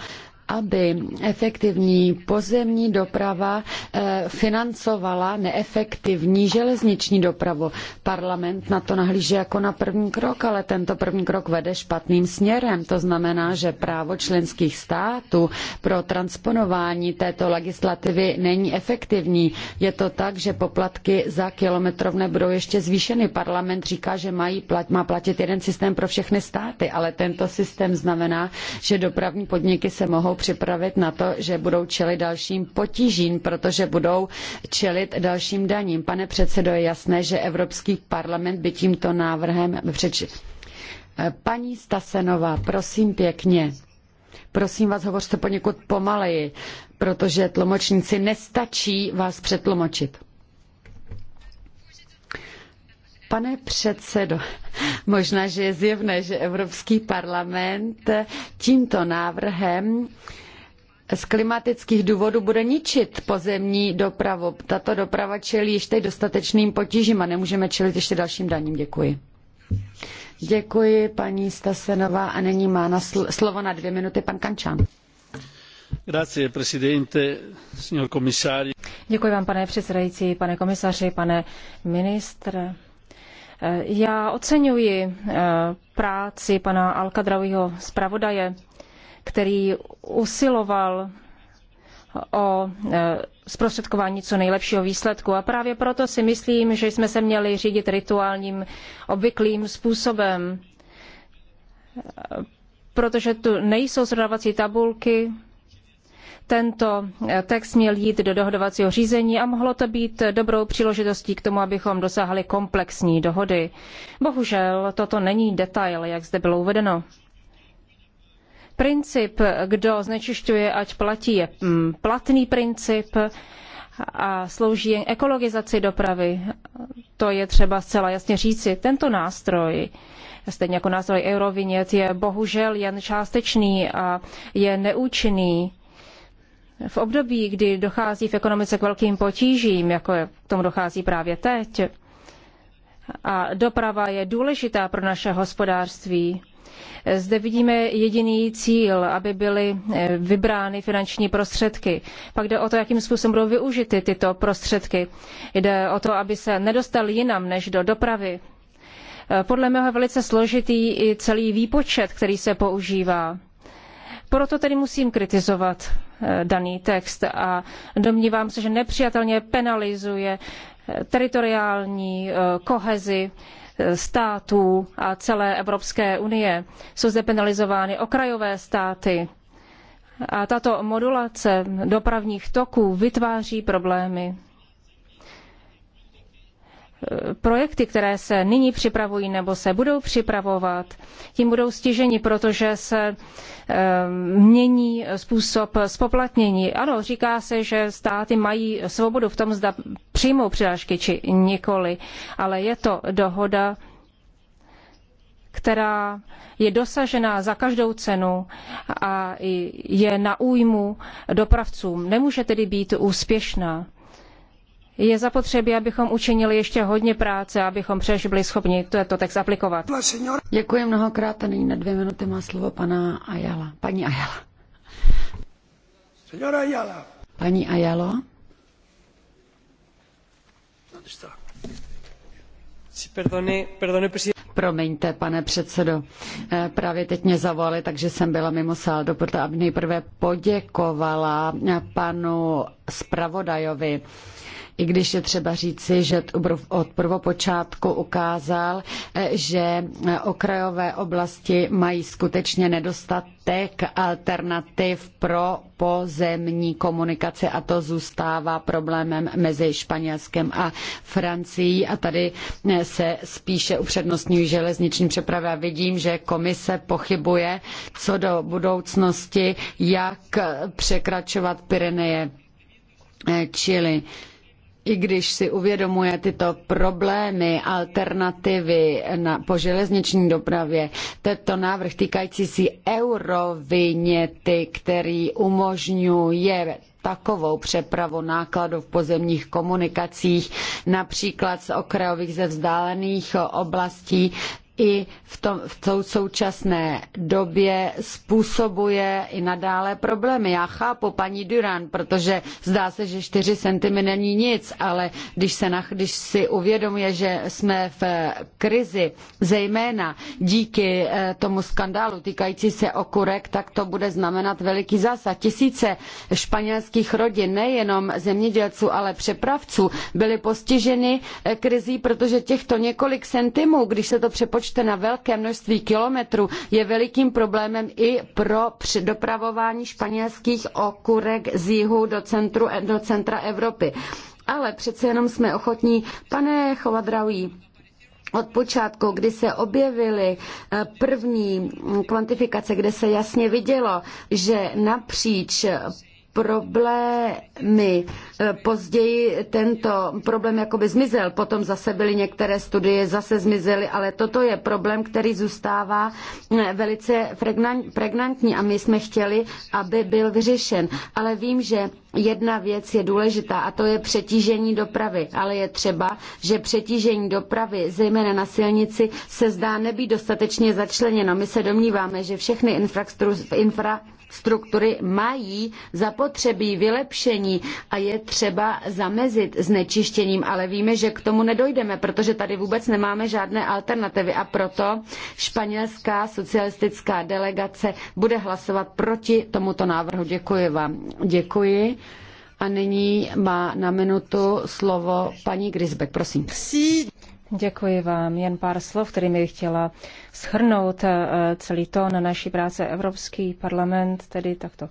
aby efektivní pozemní doprava eh, financovala neefektivní železniční dopravu. Parlament na to nahlíže jako na první krok, ale tento první krok vede špatným směrem. To znamená, že právo členských států pro transponování této legislativy není efektivní. Je to tak, že poplatky za kilometrovné budou ještě zvýšeny. Parlament říká, že mají plat, má platit jeden systém pro všechny státy, ale tento systém znamená, že dopravní podniky se mohou mohou připravit na to, že budou čelit dalším potížím, protože budou čelit dalším daním. Pane předsedo, je jasné, že Evropský parlament by tímto návrhem přeč... Paní Stasenová, prosím pěkně, prosím vás, hovořte poněkud pomaleji, protože tlumočníci nestačí vás přetlumočit. Pane předsedo, možná, že je zjevné, že Evropský parlament tímto návrhem z klimatických důvodů bude ničit pozemní dopravu. Tato doprava čelí již teď dostatečným potížím a nemůžeme čelit ještě dalším daním. Děkuji. Děkuji paní Stasenová a nyní má na sl- slovo na dvě minuty pan Kančan. Grazie, presidente, signor commissario. Děkuji vám, pane předsedající, pane komisaři, pane ministře. Já oceňuji eh, práci pana Alkadravího zpravodaje, který usiloval o eh, zprostředkování co nejlepšího výsledku. A právě proto si myslím, že jsme se měli řídit rituálním obvyklým způsobem, eh, protože tu nejsou srovnávací tabulky, tento eh, text měl jít do dohodovacího řízení a mohlo to být dobrou příležitostí k tomu, abychom dosáhli komplexní dohody. Bohužel toto není detail, jak zde bylo uvedeno. Princip, kdo znečišťuje, ať platí, je mm, platný princip a slouží jen ekologizaci dopravy. To je třeba zcela jasně říci. Tento nástroj, stejně jako nástroj Eurovinět, je bohužel jen částečný a je neúčinný v období, kdy dochází v ekonomice k velkým potížím, jako k tomu dochází právě teď, a doprava je důležitá pro naše hospodářství, zde vidíme jediný cíl, aby byly eh, vybrány finanční prostředky. Pak jde o to, jakým způsobem budou využity tyto prostředky. Jde o to, aby se nedostal jinam než do dopravy. Eh, podle mého je velice složitý i celý výpočet, který se používá. Proto tedy musím kritizovat Eh, daný text a domnívám se, že nepřijatelně penalizuje eh, teritoriální eh, kohezi států a celé Evropské unie. Jsou zde penalizovány okrajové státy. A tato modulace dopravních toků vytváří problémy projekty, které se nyní připravují nebo se budou připravovat, tím budou stiženi, protože se eh, mění způsob spoplatnění. Ano, říká se, že státy mají svobodu v tom, zda přijmou přidážky či nikoli, ale je to dohoda, která je dosažená za každou cenu a je na újmu dopravcům. Nemůže tedy být úspěšná je zapotřebí, abychom učinili ještě hodně práce, abychom přež byli schopni tento text aplikovat. Děkuji mnohokrát a nyní na dvě minuty má slovo pana Ayala. Paní Ayala. Senora Ayala. Paní Ayalo. Promiňte, pane předsedo, eh, právě teď mě zavolali, takže jsem byla mimo sál, doproto aby nejprve poděkovala panu zpravodajovi i když je třeba říci, že od prvopočátku ukázal, eh, že eh, okrajové oblasti mají skutečně nedostatek alternativ pro pozemní komunikace a to zůstává problémem mezi Španělskem a Francií a tady eh, se spíše upřednostňují železniční přepravy a vidím, že komise pochybuje co do budoucnosti, jak překračovat Pyreneje. Čili i když si uvědomuje tyto problémy, alternativy na, po železniční dopravě, tento návrh týkající si eurovinety, který umožňuje takovou přepravu nákladů v pozemních komunikacích, například z okrajových ze vzdálených oblastí, i v, tom, v tou současné době způsobuje i nadále problémy. Já chápu paní Duran, protože zdá se, že 4 centy není nic, ale když, se když si uvědomuje, že jsme v eh, krizi, zejména díky eh, tomu skandálu týkající se okurek, tak to bude znamenat veliký zásah. Tisíce španělských rodin, nejenom zemědělců, ale přepravců, byly postiženy eh, krizí, protože těchto několik centimů, když se to přepočítá, přepočte na velké množství kilometrů je velikým problémem i pro dopravování španělských okurek z jihu do, centru, do centra Evropy. Ale přece jenom jsme ochotní, pane Chovadraují, od počátku, kdy se objevily eh, první mm, kvantifikace, kde se jasně vidělo, že napříč problémy. E, později tento problém jakoby zmizel, potom zase byly některé studie, zase zmizely, ale toto je problém, který zůstává e, velice pregnantní a my jsme chtěli, aby byl vyřešen. Ale vím, že jedna věc je důležitá a to je přetížení dopravy, ale je třeba, že přetížení dopravy, zejména na silnici, se zdá nebýt dostatečně začleněno. My se domníváme, že všechny infrastruktury mají zapotřebí vylepšení a je třeba zamezit znečištěním, ale víme, že k tomu nedojdeme, protože tady vůbec nemáme žádné alternativy a proto španělská socialistická delegace bude hlasovat proti tomuto návrhu. Děkuji vám. Děkuji. A nyní má na minutu slovo paní Grisbeck, prosím. Děkuji vám. Jen pár slov, kterými bych chtěla schrnout eh, celý tón naší práce. Evropský parlament tedy takto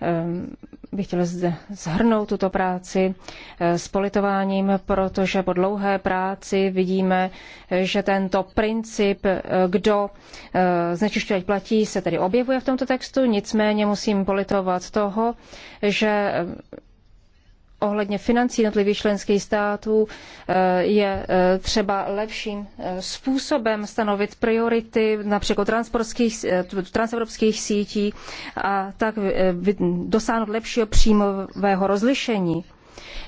ehm, bych chtěla zde zhrnout tuto práci eh, s politováním, protože po dlouhé práci vidíme, eh, že tento princip, kdo znečišťovat platí, se tedy objevuje v tomto textu, nicméně musím politovat toho, že ohledně financí jednotlivých členských států eh, je eh, třeba lepším eh, způsobem stanovit priority například transevropských sítí a tak dosáhnout lepšího příjmového rozlišení.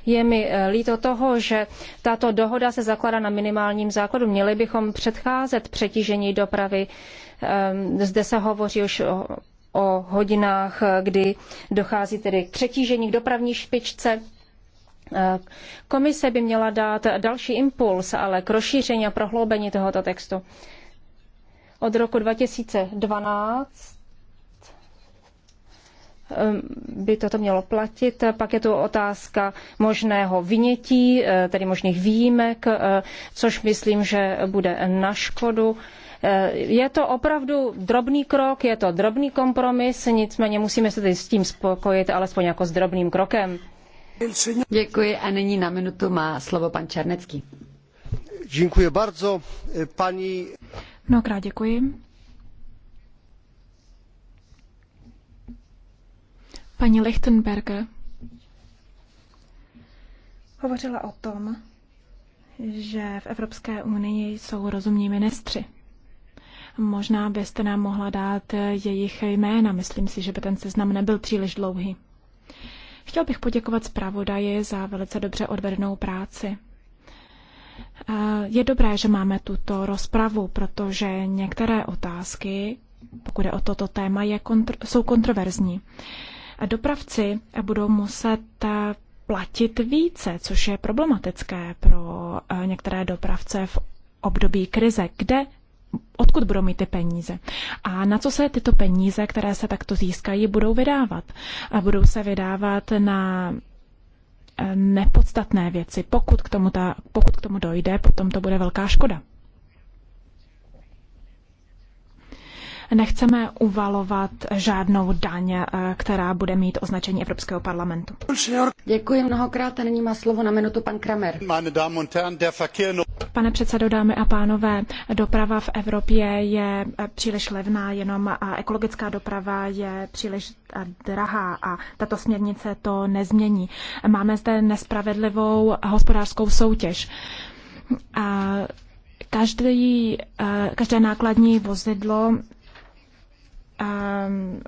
Je mi líto toho, že tato dohoda se zakládá na minimálním základu. Měli bychom předcházet přetížení dopravy. Ehm, zde se hovoří už o o hodinách, kdy dochází tedy k přetížení k dopravní špičce. Eh, komise by měla dát další impuls, ale k rozšíření a prohloubení tohoto textu. Od roku 2012 eh, by toto mělo platit. Pak je tu otázka možného vynětí, eh, tedy možných výjimek, což myslím, že bude na škodu. Je to opravdu drobný krok, je to drobný kompromis, nicméně musíme se tedy s tím spokojit alespoň jako s drobným krokem. Děkuji a nyní na minutu má slovo pan Černecký. Děkuji bardzo, paní... Mnohokrát děkuji. Paní Lichtenberger hovořila o tom, že v Evropské unii jsou rozumní ministři. Možná byste nám mohla dát jejich jména. Myslím si, že by ten seznam nebyl příliš dlouhý. Chtěl bych poděkovat zpravodaji za velice dobře odvedenou práci. Je dobré, že máme tuto rozpravu, protože některé otázky, pokud je o toto téma, je kontr- jsou kontroverzní. Dopravci budou muset eh, platit více, což je problematické pro eh, některé dopravce v období krize, kde odkud budou mít ty peníze a na co se tyto peníze, které se takto získají, budou vydávat. A budou se vydávat na eh, nepodstatné věci. Pokud k tomu, ta, pokud k tomu dojde, potom to bude velká škoda. Nechceme uvalovat žádnou daň, eh, která bude mít označení Evropského parlamentu. Děkuji mnohokrát a nyní má slovo na minutu pan Kramer. No- Pane předsedo, dámy a pánové, doprava v Evropě je eh, příliš levná, jenom a ekologická doprava je příliš eh, drahá a tato směrnice to nezmění. Máme zde nespravedlivou hospodářskou soutěž. A každý, každé nákladní vozidlo Ehm,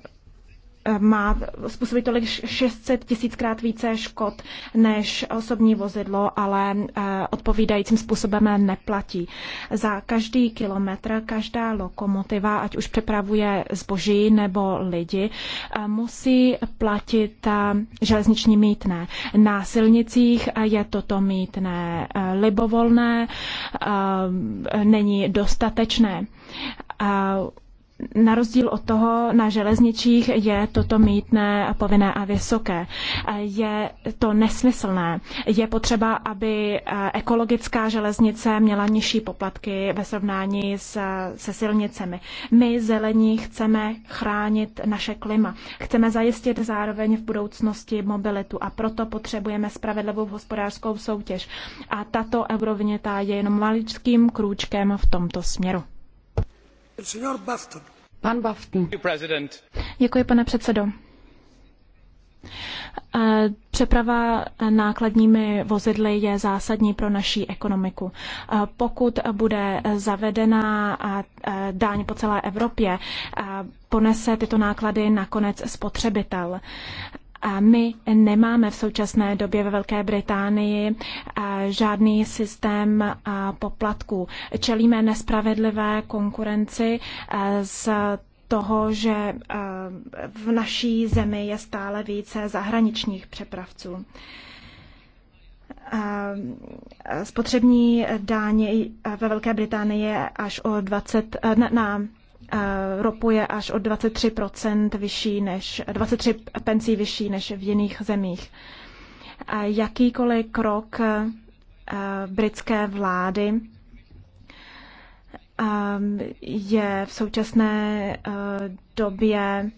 ehm, má způsobit tolik 600 tisíckrát více škod než osobní vozidlo, ale ehm, odpovídajícím způsobem neplatí. Za každý kilometr každá lokomotiva, ať už přepravuje zboží nebo lidi, musí platit železniční mítné. Na silnicích je toto mítné libovolné, není dostatečné na rozdíl od toho, na železničích je toto mítné povinné a vysoké. Je to nesmyslné. Je potřeba, aby eh, ekologická železnice měla nižší poplatky ve srovnání s, se silnicemi. My zelení chceme chránit naše klima. Chceme zajistit zároveň v budoucnosti mobilitu a proto potřebujeme spravedlivou hospodářskou soutěž. A tato euroviněta je jenom maličkým krůčkem v tomto směru pane předsedo. Přeprava nákladními vozidly je zásadní pro naší ekonomiku. Pokud bude zavedena daň po celé Evropě, ponese tyto náklady nakonec spotřebitel. My nemáme v současné době ve Velké Británii eh, žádný systém eh, poplatků. Čelíme nespravedlivé konkurenci eh, z toho, že v naší zemi je stále více zahraničních přepravců. Spotřební dáně ve Velké Británii je až o 20, na, na Eh, ropu je až o 23 vyšší než 23 pencí vyšší než v jiných zemích. Jakýkoliv krok eh, britské vlády eh, je v současné době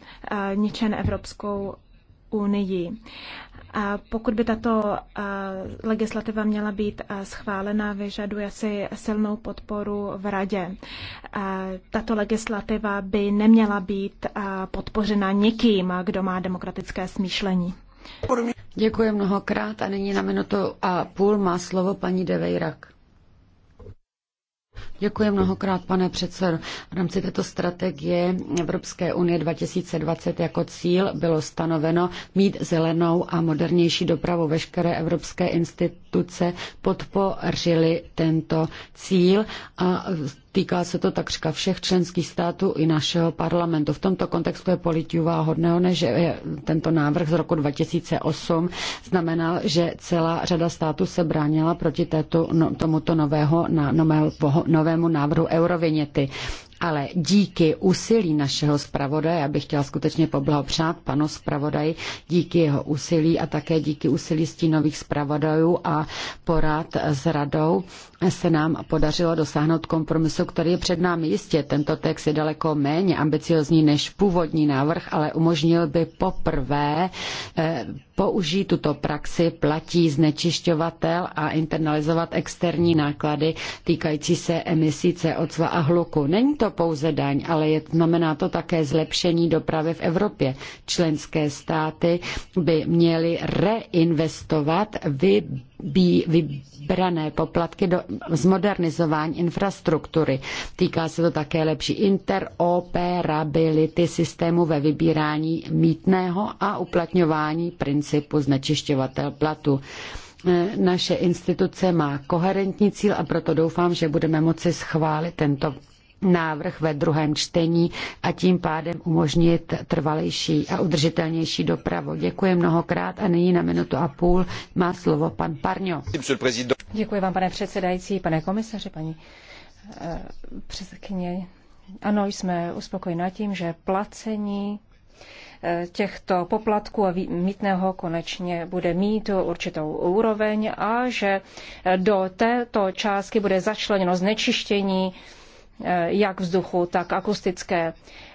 ničen Evropskou unii. Pokud by tato legislativa měla být schválena, vyžaduje si silnou podporu v radě. Tato legislativa by neměla být podpořena někým, kdo má demokratické smýšlení. Děkuji mnohokrát a nyní na minutu a půl má slovo paní Devejrak. Děkuji mnohokrát, pane předsedo. V rámci této strategie Evropské unie 2020 jako cíl bylo stanoveno mít zelenou a modernější dopravu. Veškeré evropské instituce podpořily tento cíl a Týká se to takřka všech členských států i našeho parlamentu. V tomto kontextu je politivá hodného, že tento návrh z roku 2008 znamenal, že celá řada států se bránila proti této, no, tomuto nového, na, novému, novému návrhu eurovinety ale díky úsilí našeho zpravodaje, já bych chtěla skutečně poblahopřát panu zpravodaji, díky jeho úsilí a také díky úsilí stínových zpravodajů a porad s radou se nám podařilo dosáhnout kompromisu, který je před námi jistě. Tento text je daleko méně ambiciozní než původní návrh, ale umožnil by poprvé eh, použijí tuto praxi, platí znečišťovatel a internalizovat externí náklady týkající se emisí CO2 a hluku. Není to pouze daň, ale je, znamená to také zlepšení dopravy v Evropě. Členské státy by měly reinvestovat vy bý, vybrané poplatky do zmodernizování infrastruktury. Týká se to také lepší interoperability systému ve vybírání mítného a uplatňování principu znečišťovatel platu e, naše instituce má koherentní cíl a proto doufám, že budeme moci schválit tento návrh ve druhém čtení a tím pádem umožnit trvalejší a udržitelnější dopravu. Děkuji mnohokrát a nyní na minutu a půl má slovo pan Parňo. Děkuji vám, pane předsedající, pane komisaři, paní eh, předsedkyně. Ano, jsme uspokojeni tím, že placení eh, těchto poplatků a mítného konečně bude mít určitou úroveň a že eh, do této částky bude začleněno znečištění Eh, jak vzduchu, tak akustické.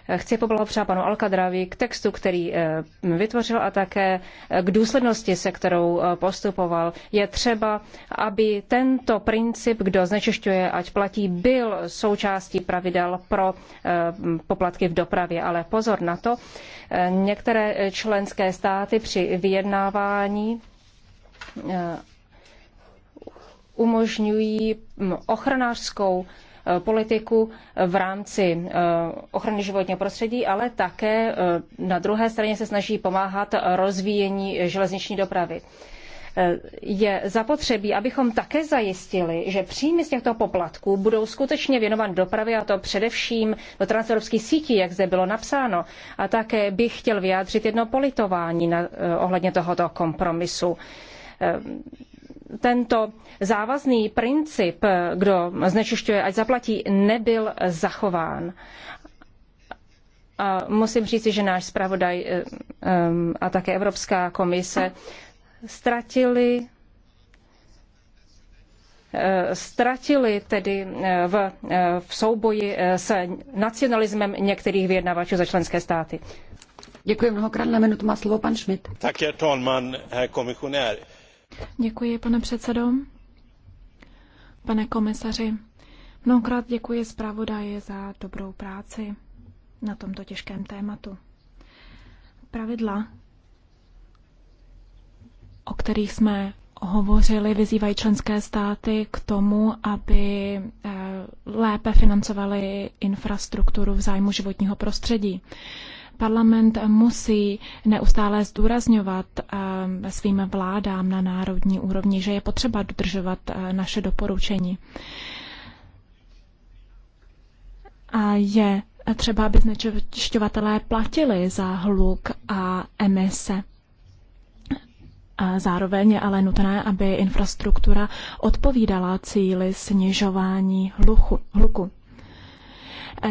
Eh, chci poblahopřát panu Alkadravi k textu, který eh, vytvořil a také k důslednosti, se kterou postupoval. Je třeba, aby tento princip, kdo znečišťuje, ať platí, byl součástí pravidel pro poplatky v dopravě. Ale pozor na to, některé členské státy při vyjednávání umožňují hm, ochranářskou Eh, politiku v rámci eh, ochrany životního prostředí, ale také eh, na druhé straně se snaží pomáhat rozvíjení železniční dopravy je zapotřebí, abychom také zajistili, že příjmy z těchto poplatků budou skutečně věnovány dopravě, a to především do transevropských sítí, jak zde bylo napsáno. A také bych chtěl vyjádřit jedno politování na, ohledně tohoto kompromisu tento závazný princip, kdo znečišťuje, ať zaplatí, nebyl zachován. A musím říci, že náš zpravodaj eh, eh, a také Evropská komise ztratili eh, ztratili tedy v, v souboji s nacionalismem některých vyjednavačů za členské státy. Děkuji mnohokrát. Na minutu má slovo pan Schmidt. Tak, je talman, man, komisionär. Děkuji, pane předsedo. Pane komisaři, mnohokrát děkuji zpravodaji za dobrou práci na tomto těžkém tématu. Pravidla, o kterých jsme hovořili, vyzývají členské státy k tomu, aby eh, lépe financovali infrastrukturu v zájmu životního prostředí. Parlament musí neustále zdůrazňovat eh, svým vládám na národní úrovni, že je potřeba dodržovat eh, naše doporučení. A je třeba, aby znečišťovatelé platili za hluk a emise. A zároveň ale nutné, aby infrastruktura odpovídala cíli snižování hluchu, hluku.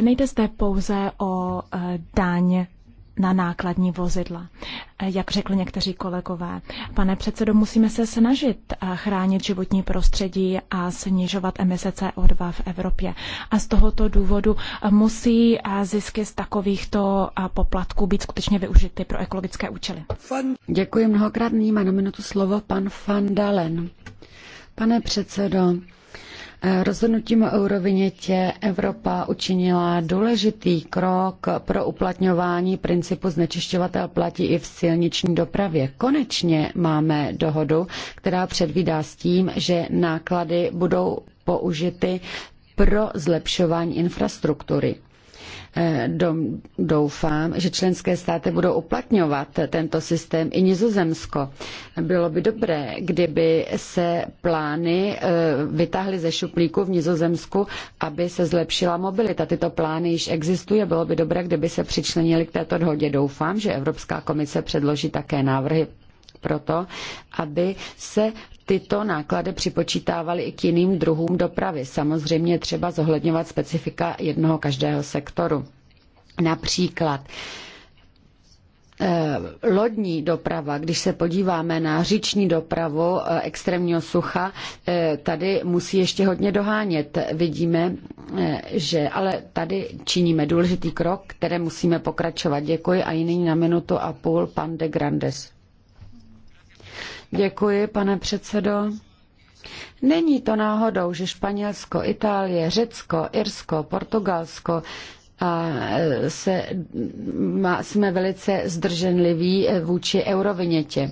Nejde zde pouze o eh, daň na nákladní vozidla. Eh, jak řekli někteří kolegové, pane předsedo, musíme se snažit eh, chránit životní prostředí a snižovat emise CO2 v Evropě. A z tohoto důvodu eh, musí zisky z takovýchto poplatků být skutečně využity pro ekologické účely. Děkuji mnohokrát. Nyní má na minutu slovo pan Fandalen. Pane předsedo, Rozhodnutím o eurovinětě Evropa učinila důležitý krok pro uplatňování principu znečišťovatel platí i v silniční dopravě. Konečně máme dohodu, která předvídá s tím, že náklady budou použity pro zlepšování infrastruktury. Eh, doufám, že členské státy budou uplatňovat tento systém i Nizozemsko. Bylo by dobré, kdyby se plány eh, vytáhly ze šuplíku v Nizozemsku, aby se zlepšila mobilita. Tyto plány již existují a bylo by dobré, kdyby se přičlenili k této dohodě. Doufám, že Evropská komise předloží také návrhy proto, aby se tyto náklady připočítávaly i k jiným druhům dopravy. Samozřejmě třeba zohledňovat specifika jednoho každého sektoru. Například eh, lodní doprava, když se podíváme na říční dopravu eh, extrémního sucha, eh, tady musí ještě hodně dohánět. Vidíme, že ale tady činíme důležitý krok, které musíme pokračovat. Děkuji a jiný na minutu a půl pan de Grandes. Děkuji, pane předsedo. Není to náhodou, že Španělsko, Itálie, Řecko, Irsko, Portugalsko a e, se, má, jsme velice zdrženliví e, vůči eurovinětě.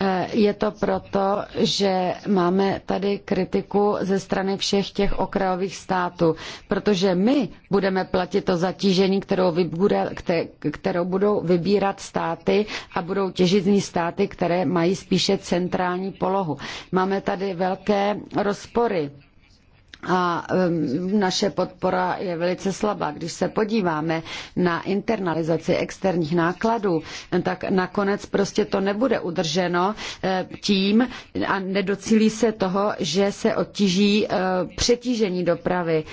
Eh, je to proto, že máme tady kritiku ze strany všech těch okrajových států, protože my budeme platit to zatížení, kterou, vybůra, kterou budou vybírat státy a budou těžit z ní státy, které mají spíše centrální polohu. Máme tady velké rozpory a naše podpora je velice slabá. Když se podíváme na internalizaci externích nákladů, tak nakonec prostě to nebude udrženo eh, tím a nedocílí se toho, že se odtíží eh, přetížení dopravy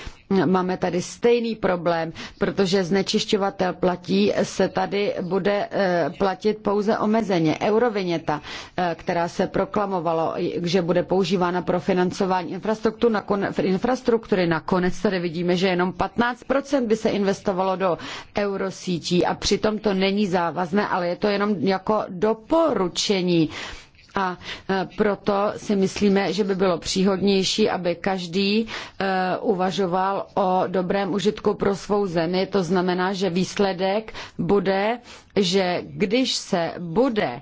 máme tady stejný problém, protože znečišťovatel platí, se tady bude eh, platit pouze omezeně. Euroviněta, eh, která se proklamovalo, že bude používána pro financování infrastruktury, nakonec, infrastruktury, nakonec tady vidíme, že jenom 15% by se investovalo do eurosítí a přitom to není závazné, ale je to jenom jako doporučení. A e, proto si myslíme, že by bylo příhodnější, aby každý e, uvažoval o dobrém užitku pro svou zemi. To znamená, že výsledek bude, že když se bude e,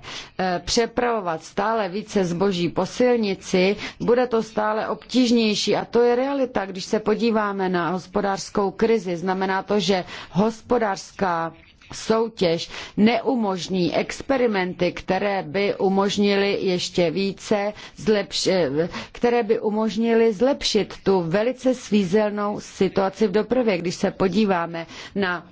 přepravovat stále více zboží po silnici, bude to stále obtížnější. A to je realita. Když se podíváme na hospodářskou krizi, znamená to, že hospodářská soutěž neumožní experimenty, které by umožnily ještě více, eh, které by umožnily zlepšit tu velice svízelnou situaci v dopravě. Když se podíváme na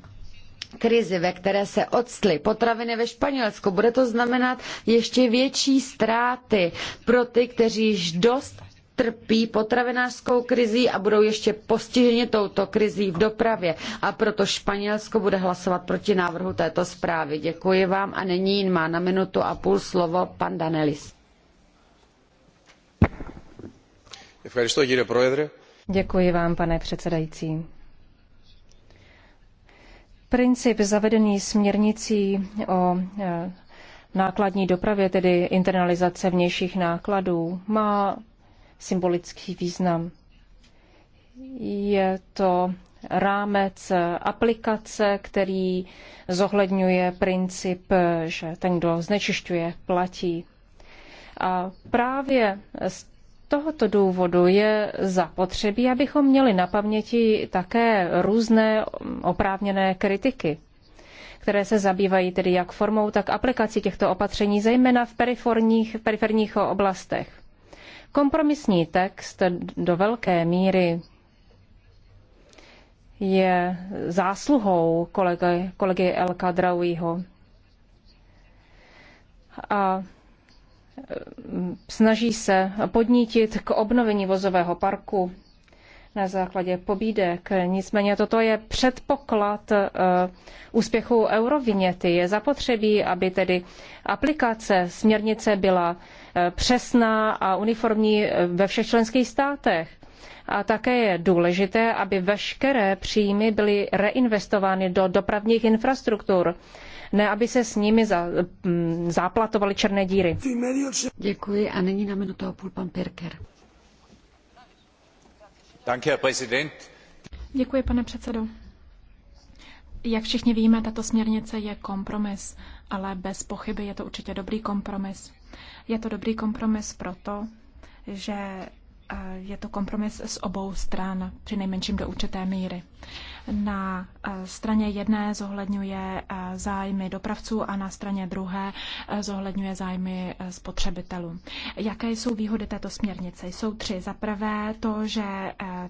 krizi, ve které se odstly potraviny ve Španělsku, bude to znamenat ještě větší ztráty pro ty, kteří již dost trpí potravinářskou krizí a budou ještě postiženi touto krizí v dopravě. A proto Španělsko bude hlasovat proti návrhu této zprávy. Děkuji vám a nyní má na minutu a půl slovo pan Danelis. Děkuji vám, pane předsedající. Princip zavedený směrnicí o e, nákladní dopravě, tedy internalizace vnějších nákladů, má symbolický význam. Je to rámec aplikace, který zohledňuje princip, že ten, kdo znečišťuje, platí. A právě z tohoto důvodu je zapotřebí, abychom měli na paměti také různé oprávněné kritiky které se zabývají tedy jak formou, tak aplikací těchto opatření, zejména v periferních, v periferních oblastech. Kompromisní text do velké míry je zásluhou kolegy, kolegy El Kadrauiho. A e, snaží se podnítit k obnovení vozového parku na základě pobídek. Nicméně toto je předpoklad eh, úspěchu eurovinety. Je zapotřebí, aby tedy aplikace směrnice byla eh, přesná a uniformní eh, ve všech členských státech. A také je důležité, aby veškeré příjmy byly reinvestovány do dopravních infrastruktur, ne aby se s nimi za, mm, záplatovaly černé díry. Děkuji a nyní na minutu a půl pan Pirker. Děkuji, pane předsedo. Jak všichni víme, tato směrnice je kompromis, ale bez pochyby je to určitě dobrý kompromis. Je to dobrý kompromis proto, že eh, je to kompromis z obou stran, přinejmenším do určité míry. Na eh, straně jedné zohledňuje eh, zájmy dopravců a na straně druhé eh, zohledňuje zájmy spotřebitelů. Jaké jsou výhody této směrnice? Jsou tři. Za prvé to, že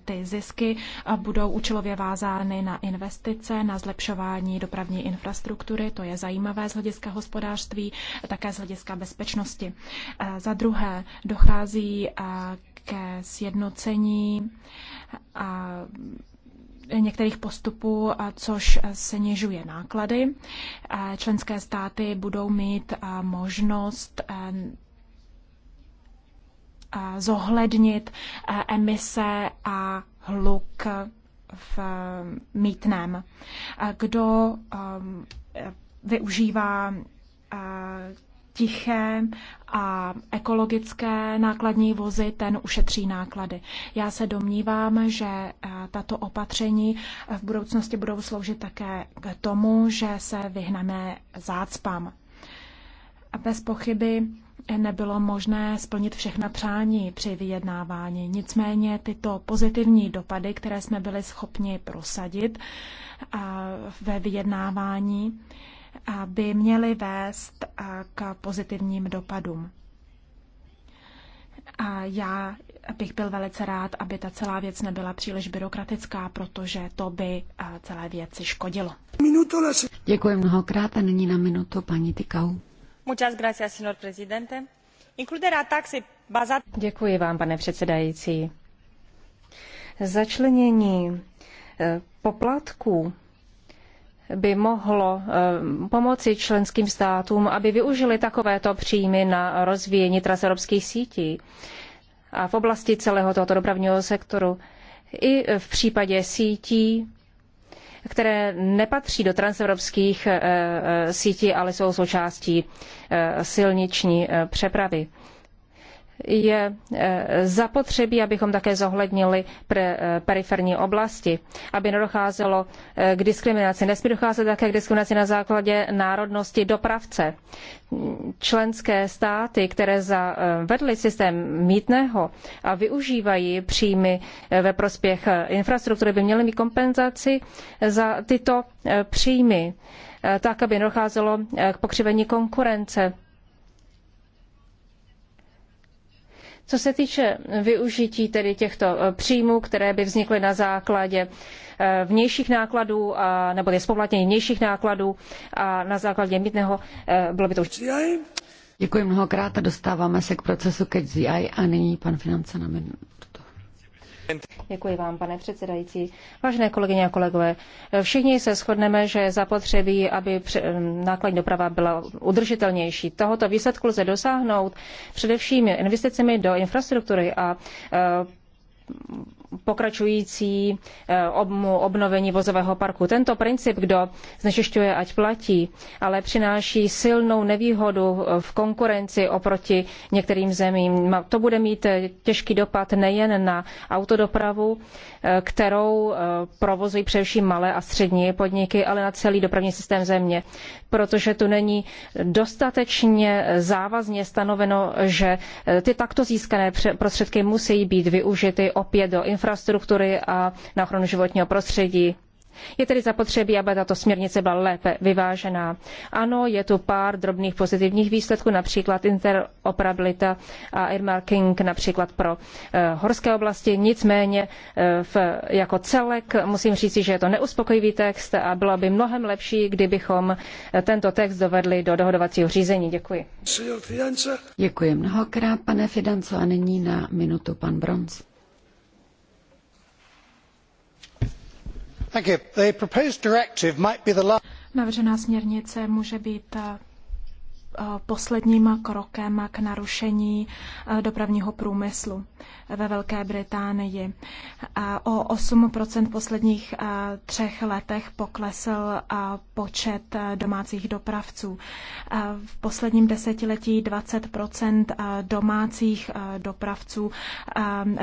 ty zisky budou účelově vázány na investice, na zlepšování dopravní infrastruktury, to je zajímavé z hlediska hospodářství, také z hlediska bezpečnosti. Za druhé dochází ke sjednocení a některých postupů, což snižuje náklady. Členské státy budou mít možnost zohlednit emise a hluk v mítném. Kdo využívá tiché a ekologické nákladní vozy, ten ušetří náklady. Já se domnívám, že eh, tato opatření eh, v budoucnosti budou sloužit také k tomu, že se vyhneme zácpám. Bez pochyby nebylo možné splnit všechna přání při vyjednávání. Nicméně tyto pozitivní dopady, které jsme byli schopni prosadit eh, ve vyjednávání, by měly vést k pozitivním dopadům. A já bych byl velice rád, aby ta celá věc nebyla příliš byrokratická, protože to by celé věci škodilo. Děkuji mnohokrát a nyní na minutu paní Tykau. Muchas gracias, señor presidente. taxi Děkuji vám, pane předsedající. Začlenění e, poplatků by mohlo eh, pomoci členským státům, aby využili takovéto příjmy na rozvíjení transevropských sítí a v oblasti celého tohoto dopravního sektoru. I v případě sítí, které nepatří do transevropských eh, eh, sítí, ale jsou součástí silniční přepravy je eh, zapotřebí, abychom také zohlednili eh, periferní oblasti, aby nedocházelo eh, k diskriminaci. Nesmí docházet také k diskriminaci na základě národnosti dopravce. Členské státy, které zavedly systém mítného a využívají příjmy ve prospěch infrastruktury, by měly mít kompenzaci za tyto příjmy, tak, aby nedocházelo k pokřivení konkurence Co se týče využití tedy těchto eh, příjmů, které by vznikly na základě eh, vnějších nákladů, a, nebo je spoplatnění vnějších nákladů a na základě mítného, eh, bylo by to už... Děkuji mnohokrát a dostáváme se k procesu KGI a nyní pan finance na minutu. Děkuji vám, pane předsedající. Vážené kolegyně a kolegové, všichni se shodneme, že je zapotřebí, aby nákladní doprava byla udržitelnější. Tohoto výsledku lze dosáhnout především investicemi do infrastruktury a pokračující eh, obnovení vozového parku. Tento princip, kdo znečišťuje, ať platí, ale přináší silnou nevýhodu eh, v konkurenci oproti některým zemím. To bude mít eh, těžký dopad nejen na autodopravu, kterou provozují především malé a střední podniky, ale na celý dopravní systém země, protože tu není dostatečně závazně stanoveno, že ty takto získané prostředky musí být využity opět do infrastruktury infrastruktury a na ochranu životního prostředí. Je tedy zapotřebí, aby tato směrnice byla lépe vyvážená. Ano, je tu pár drobných pozitivních výsledků, například interoperabilita a earmarking například pro e, horské oblasti. Nicméně e, v, jako celek musím říci, že je to neuspokojivý text a bylo by mnohem lepší, kdybychom eh, tento text dovedli do dohodovacího řízení. Děkuji. Děkuji mnohokrát, pane Fidanco, a nyní na minutu pan Bronz. Navržená směrnice může být eh, Eh, posledním krokem k narušení eh, dopravního průmyslu ve Velké Británii. O 8 posledních eh, třech letech poklesl počet domácích dopravců. V posledním desetiletí 20 domácích dopravců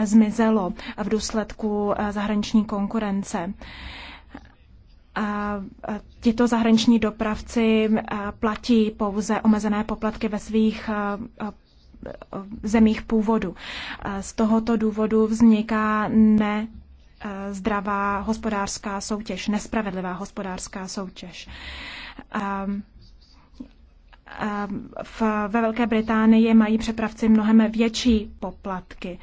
zmizelo v důsledku zahraniční konkurence tito zahraniční dopravci platí pouze omezené poplatky ve svých zemích původu. Z tohoto důvodu vzniká ne zdravá hospodářská soutěž, nespravedlivá hospodářská soutěž. Ve Velké Británii mají přepravci mnohem větší poplatky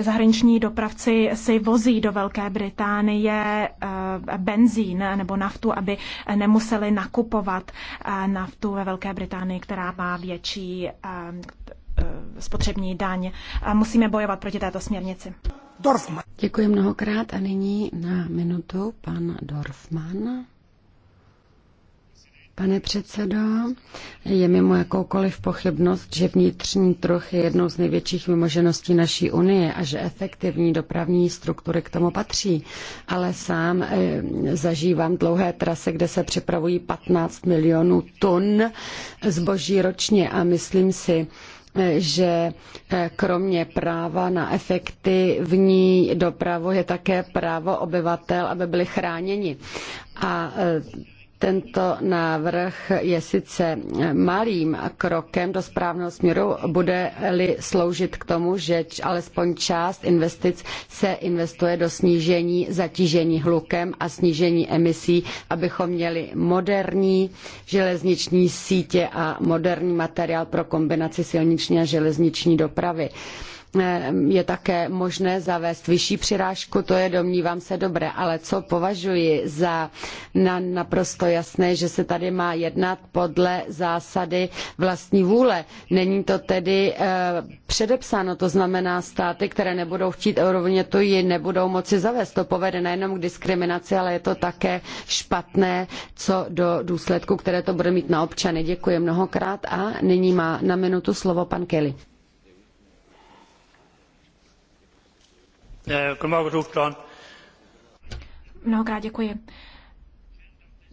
zahraniční dopravci si vozí do Velké Británie eh, benzín nebo naftu, aby nemuseli nakupovat eh, naftu ve Velké Británii, která má větší eh, spotřební daň. Musíme bojovat proti této směrnici. Dorfman. Děkuji mnohokrát a nyní na minutu pan Dorfman. Pane předsedo, je mimo jakoukoliv pochybnost, že vnitřní trh je jednou z největších vymožeností naší unie a že efektivní dopravní struktury k tomu patří. Ale sám eh, zažívám dlouhé trasy, kde se připravují 15 milionů tun zboží ročně a myslím si, eh, že eh, kromě práva na efektivní dopravu je také právo obyvatel, aby byli chráněni. A tento návrh je sice malým krokem do správného směru, bude-li sloužit k tomu, že alespoň část investic se investuje do snížení zatížení hlukem a snížení emisí, abychom měli moderní železniční sítě a moderní materiál pro kombinaci silniční a železniční dopravy. Eh, je také možné zavést vyšší přirážku, to je domnívám se dobré, ale co považuji za na, naprosto jasné, že se tady má jednat podle zásady vlastní vůle. Není to tedy e, předepsáno, to znamená státy, které nebudou chtít eurovně, to ji nebudou moci zavést. To povede nejenom k diskriminaci, ale je to také špatné, co do důsledku, které to bude mít na občany. Děkuji mnohokrát a nyní má na minutu slovo pan Kelly. Mnohokrát děkuji.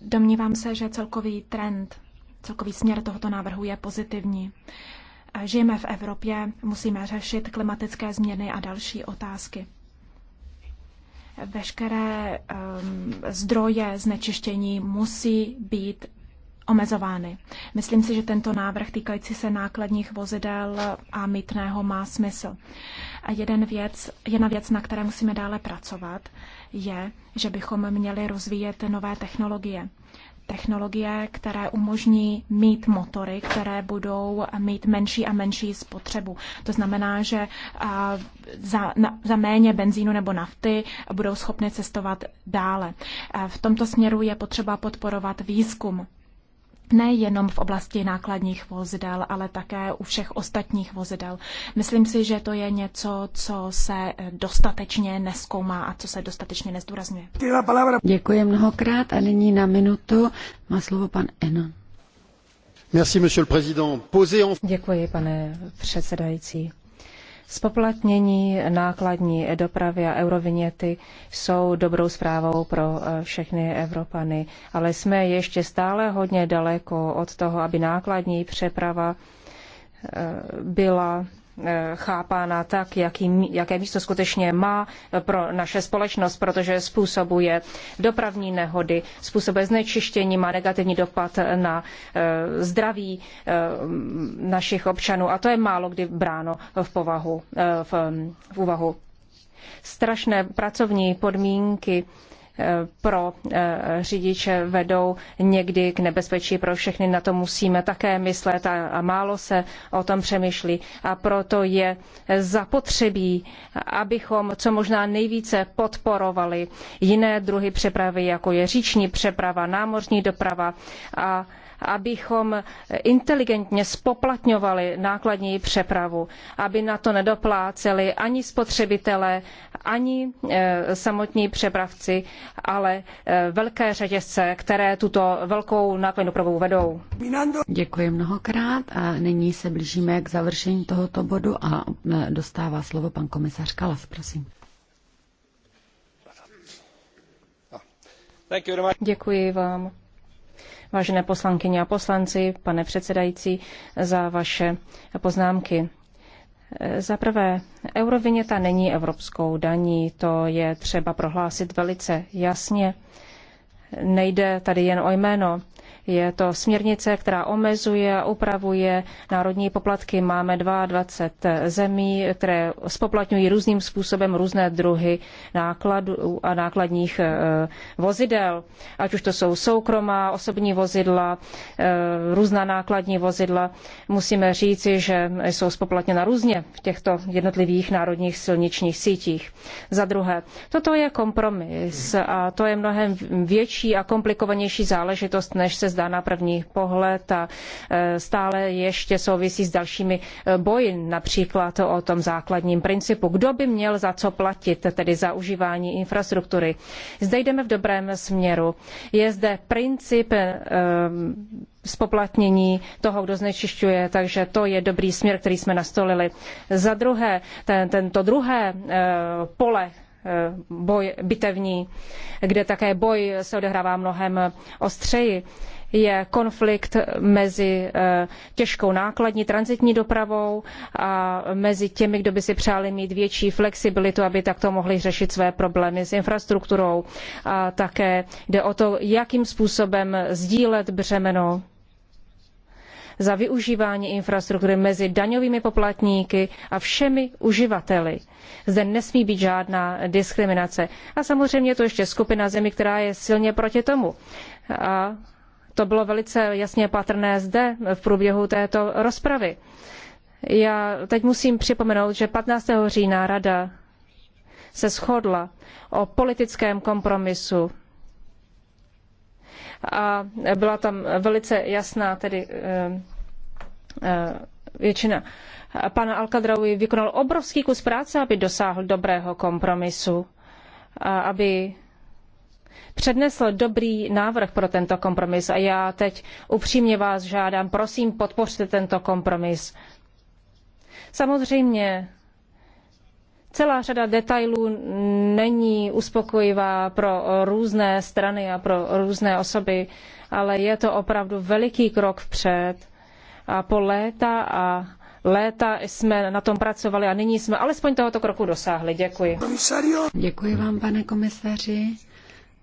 Domnívám se, že celkový trend, celkový směr tohoto návrhu je pozitivní. Žijeme v Evropě, musíme řešit klimatické změny a další otázky. Veškeré um, zdroje znečištění musí být omezovány. Myslím si, že tento návrh týkající se nákladních vozidel a mítného má smysl. Uh, a jeden věc, jedna věc, na které musíme dále pracovat, je, že bychom měli rozvíjet nové technologie. Technologie, které umožní mít motory, které budou mít menší a menší spotřebu. To znamená, že za, na, za méně benzínu nebo nafty budou schopny cestovat dále. V tomto směru je potřeba podporovat výzkum nejenom v oblasti nákladních vozidel, ale také u všech ostatních vozidel. Myslím si, že to je něco, co se eh, dostatečně neskoumá a co se dostatečně nezdůrazňuje. Děkuji mnohokrát a nyní na minutu má slovo pan Enon. Děkuji, pane předsedající. Spoplatnění nákladní dopravy a eurovinety jsou dobrou zprávou pro eh, všechny Evropany, ale jsme ještě stále hodně daleko od toho, aby nákladní přeprava eh, byla Eh, chápána tak, jaký, jaké místo skutečně má eh, pro naše společnost, protože způsobuje dopravní nehody, způsobuje znečištění, má negativní dopad na eh, zdraví našich občanů a to je málo kdy bráno v, povahu, v, v úvahu. Strašné pracovní podmínky pro eh, řidiče vedou někdy k nebezpečí pro všechny. Na to musíme také myslet a, a málo se o tom přemýšlí. A proto je zapotřebí, abychom co možná nejvíce podporovali jiné druhy přepravy, jako je říční přeprava, námořní doprava a abychom inteligentně spoplatňovali nákladní přepravu, aby na to nedopláceli ani spotřebitelé, ani eh, samotní přepravci, ale eh, velké řetězce, které tuto velkou nákladní dopravu vedou. Děkuji mnohokrát a nyní se blížíme k završení tohoto bodu a eh, dostává slovo pan komisař Kalas, prosím. Děkuji vám vážené poslankyně a poslanci, pane předsedající, za vaše poznámky. Za prvé, euroviněta není evropskou daní, to je třeba prohlásit velice jasně. Nejde tady jen o jméno, je to směrnice, která omezuje a upravuje národní poplatky. Máme 22 zemí, které spoplatňují různým způsobem různé druhy nákladů a nákladních e, vozidel. Ať už to jsou soukromá, osobní vozidla, e, různá nákladní vozidla. Musíme říci, že jsou spoplatněna různě v těchto jednotlivých národních silničních sítích. Za druhé, toto je kompromis a to je mnohem větší a komplikovanější záležitost, než se zdá zdá na první pohled a e, stále ještě souvisí s dalšími e, boji, například o tom základním principu. Kdo by měl za co platit, tedy za užívání infrastruktury? Zde jdeme v dobrém směru. Je zde princip e, spoplatnění toho, kdo znečišťuje, takže to je dobrý směr, který jsme nastolili. Za druhé, ten, tento druhé pole boj bitevní, kde také boj se odehrává mnohem ostřeji je konflikt mezi eh, těžkou nákladní transitní dopravou a mezi těmi, kdo by si přáli mít větší flexibilitu, aby takto mohli řešit své problémy s infrastrukturou. A také jde o to, jakým způsobem sdílet břemeno za využívání infrastruktury mezi daňovými poplatníky a všemi uživateli. Zde nesmí být žádná diskriminace. A samozřejmě je to ještě skupina zemí, která je silně proti tomu. A to bylo velice jasně patrné zde v průběhu této rozpravy. Já teď musím připomenout, že 15. října Rada se shodla o politickém kompromisu a byla tam velice jasná tedy eh, eh, většina. Pan Alkadraoui vykonal obrovský kus práce, aby dosáhl dobrého kompromisu, a aby přednesl dobrý návrh pro tento kompromis a já teď upřímně vás žádám, prosím, podpořte tento kompromis. Samozřejmě celá řada detailů není uspokojivá pro různé strany a pro různé osoby, ale je to opravdu veliký krok vpřed. A po léta a léta jsme na tom pracovali a nyní jsme alespoň tohoto kroku dosáhli. Děkuji. Děkuji vám, pane komisaři.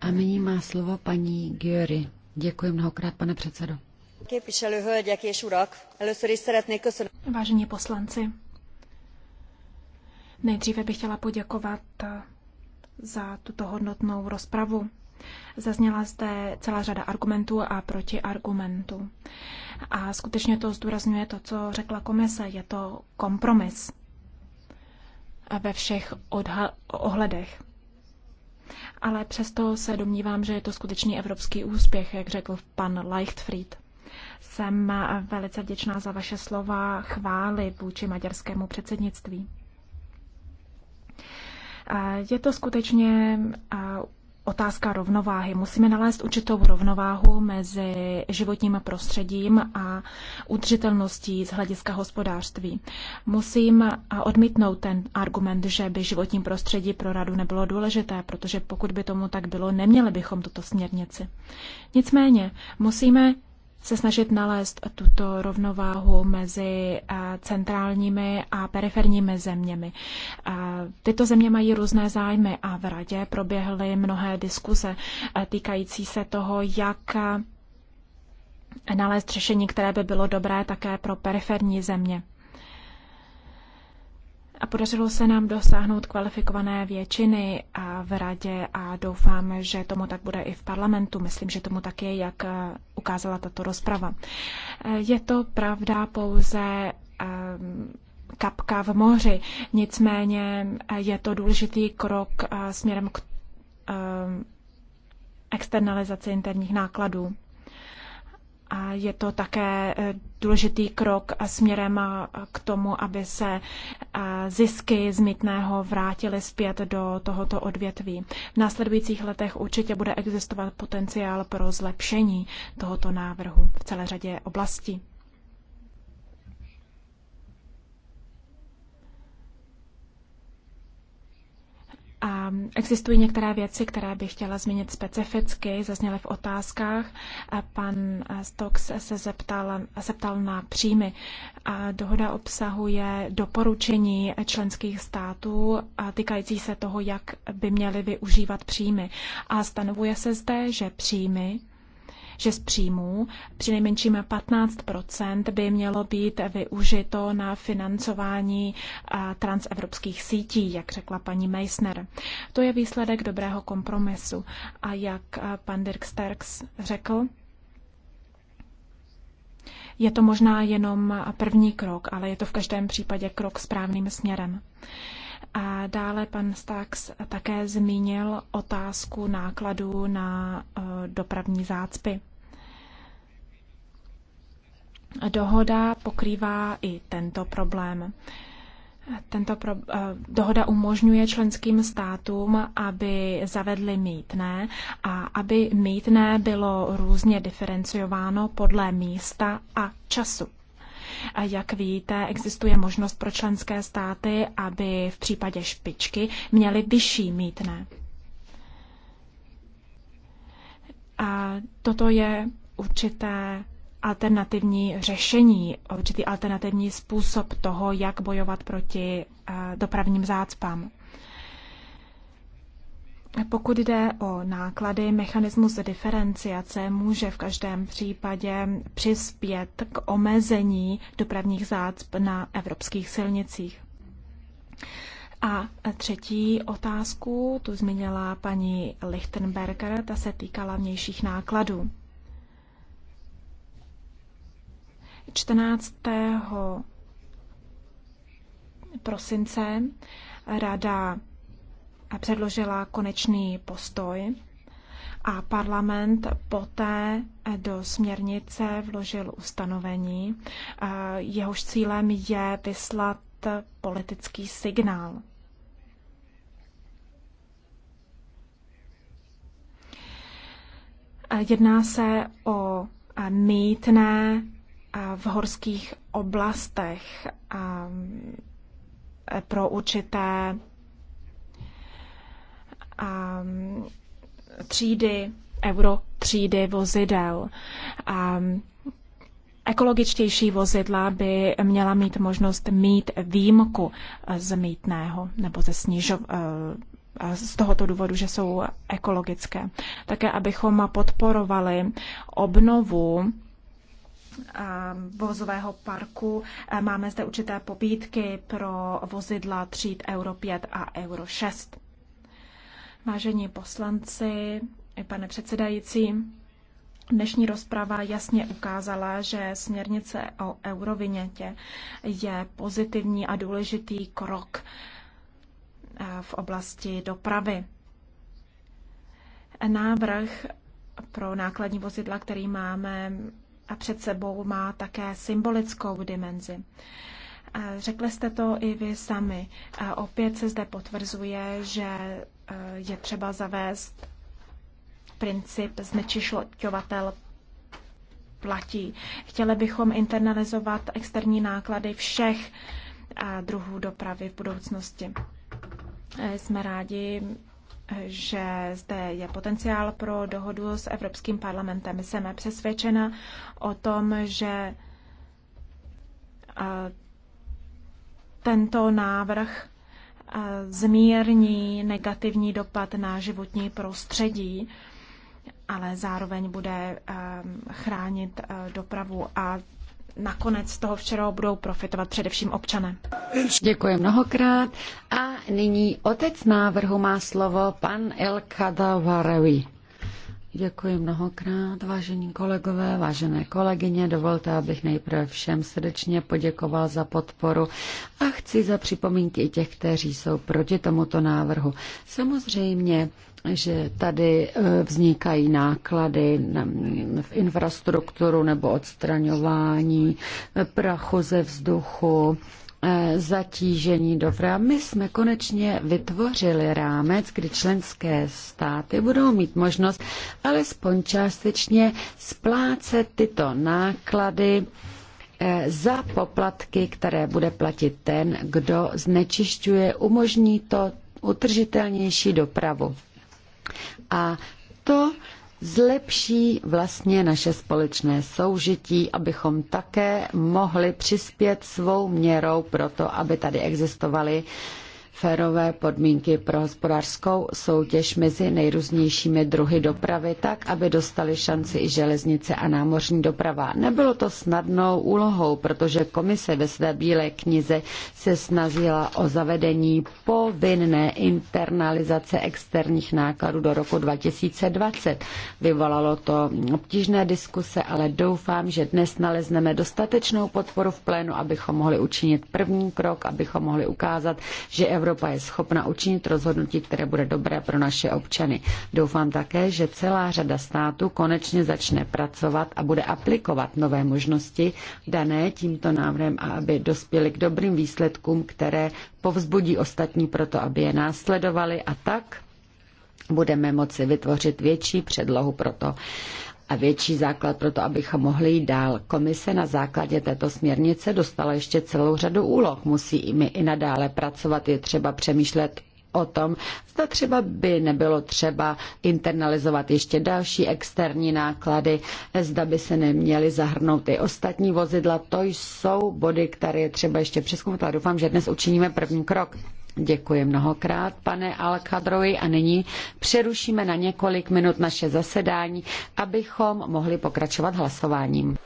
A nyní má slovo paní Giori. Děkuji mnohokrát, pane předsedo. Vážení poslanci, nejdříve bych chtěla poděkovat eh, za tuto hodnotnou rozpravu. Zazněla zde celá řada argumentů a protiargumentů. A skutečně to zdůrazňuje to, co řekla komise. Je to kompromis ve všech ohledech ale přesto se domnívám, že je to skutečný evropský úspěch, jak řekl pan Leichtfried. Jsem velice vděčná za vaše slova chvály vůči maďarskému předsednictví. Je to skutečně otázka rovnováhy. Musíme nalézt určitou rovnováhu mezi životním prostředím a udržitelností z hlediska hospodářství. Musím odmítnout ten argument, že by životní prostředí pro radu nebylo důležité, protože pokud by tomu tak bylo, neměli bychom tuto směrnici. Nicméně musíme se snažit nalézt tuto rovnováhu mezi eh, centrálními a periferními zeměmi. Eh, tyto země mají různé zájmy a v radě proběhly mnohé diskuze eh, týkající se toho, jak nalézt řešení, které by bylo dobré také pro periferní země. A podařilo se nám dosáhnout kvalifikované většiny v radě a doufám, že tomu tak bude i v parlamentu. Myslím, že tomu tak je, jak eh, ukázala tato rozprava. Eh, je to pravda pouze eh, kapka v moři, nicméně je to důležitý krok směrem k externalizaci interních nákladů. A je to také eh, důležitý krok směrem eh, k tomu, aby se eh, zisky z mytného vrátily zpět do tohoto odvětví. V následujících letech určitě bude existovat potenciál pro zlepšení tohoto návrhu v celé řadě oblastí. A existují některé věci, které bych chtěla změnit specificky, zazněly v otázkách. Pan Stox se, zeptal, se ptal na příjmy. A dohoda obsahuje doporučení členských států týkající se toho, jak by měly využívat příjmy. A stanovuje se zde, že příjmy že z příjmů nejmenším 15 by mělo být využito na financování transevropských sítí, jak řekla paní Meissner. To je výsledek dobrého kompromisu. A jak pan Dirk Sterks řekl, je to možná jenom první krok, ale je to v každém případě krok správným směrem. A dále pan Stax také zmínil otázku nákladů na eh, dopravní zácpy. Dohoda pokrývá i tento problém. Tento pro, eh, dohoda umožňuje členským státům, aby zavedly mítné a aby mítné bylo různě diferenciováno podle místa a času jak víte, existuje možnost pro členské státy, aby v případě špičky měly vyšší mítné. A toto je určité alternativní řešení, určitý alternativní způsob toho, jak bojovat proti eh, dopravním zácpám. Pokud jde o náklady, mechanismus diferenciace může v každém případě přispět k omezení dopravních zácp na evropských silnicích. A třetí otázku tu zmínila paní Lichtenberger, ta se týkala vnějších nákladů. 14. prosince rada předložila konečný postoj a parlament poté do směrnice vložil ustanovení. Eh, jehož cílem je vyslat politický signál. Eh, jedná se o eh, mítné v horských oblastech pro určité třídy, euro třídy vozidel. Ekologičtější vozidla by měla mít možnost mít výjimku z mítného nebo ze snižo, e, z tohoto důvodu, že jsou ekologické. Také, abychom podporovali obnovu vozového parku. E, máme zde určité pobídky pro vozidla tříd Euro 5 a Euro 6. Vážení poslanci, pane předsedající, Dnešní rozprava jasně ukázala, že směrnice o eurovinětě je pozitivní a důležitý krok eh, v oblasti dopravy. Návrh pro nákladní vozidla, který máme a před sebou, má také symbolickou dimenzi. Eh, řekli jste to i vy sami. Eh, opět se zde potvrzuje, že je třeba zavést princip znečišťovatel platí. Chtěli bychom internalizovat externí náklady všech eh, druhů dopravy v budoucnosti. Eh, jsme rádi, že zde je potenciál pro dohodu s Evropským parlamentem. Jsem přesvědčena o tom, že eh, tento návrh zmírní negativní dopad na životní prostředí, ale zároveň bude ehm, chránit eh, dopravu a nakonec z toho včera budou profitovat především občané. Děkuji mnohokrát. A nyní otec návrhu má slovo pan El Kadavarevi. Děkuji mnohokrát, vážení kolegové, vážené kolegyně. Dovolte, abych nejprve všem srdečně poděkoval za podporu a chci za připomínky i těch, kteří jsou proti tomuto návrhu. Samozřejmě, že tady eh, vznikají náklady v infrastrukturu nebo odstraňování prachu ze vzduchu Eh, zatížení doprava. My jsme konečně vytvořili rámec, kdy členské státy budou mít možnost alespoň částečně splácet tyto náklady eh, za poplatky, které bude platit ten, kdo znečišťuje, umožní to utržitelnější dopravu. A to zlepší vlastně naše společné soužití, abychom také mohli přispět svou měrou pro to, aby tady existovaly férové podmínky pro hospodářskou soutěž mezi nejrůznějšími druhy dopravy, tak, aby dostali šanci i železnice a námořní doprava. Nebylo to snadnou úlohou, protože komise ve své bílé knize se snažila o zavedení povinné internalizace externích nákladů do roku 2020. Vyvolalo to obtížné diskuse, ale doufám, že dnes nalezneme dostatečnou podporu v plénu, abychom mohli učinit první krok, abychom mohli ukázat, že Evropa Evropa je schopna učinit rozhodnutí, které bude dobré pro naše občany. Doufám také, že celá řada států konečně začne pracovat a bude aplikovat nové možnosti dané tímto návrhem a aby dospěli k dobrým výsledkům, které povzbudí ostatní proto, aby je následovali a tak budeme moci vytvořit větší předlohu pro to, a větší základ pro to, abychom mohli jít dál. Komise na základě této směrnice dostala ještě celou řadu úloh. Musí i my i nadále pracovat, je třeba přemýšlet o tom, zda třeba by nebylo třeba internalizovat ještě další externí náklady, zda by se neměly zahrnout i ostatní vozidla. To jsou body, které je třeba ještě přeskoumat, ale doufám, že dnes učiníme první krok. Děkuji mnohokrát, pane Alkadrovi, a nyní přerušíme na několik minut naše zasedání, abychom mohli pokračovat hlasováním.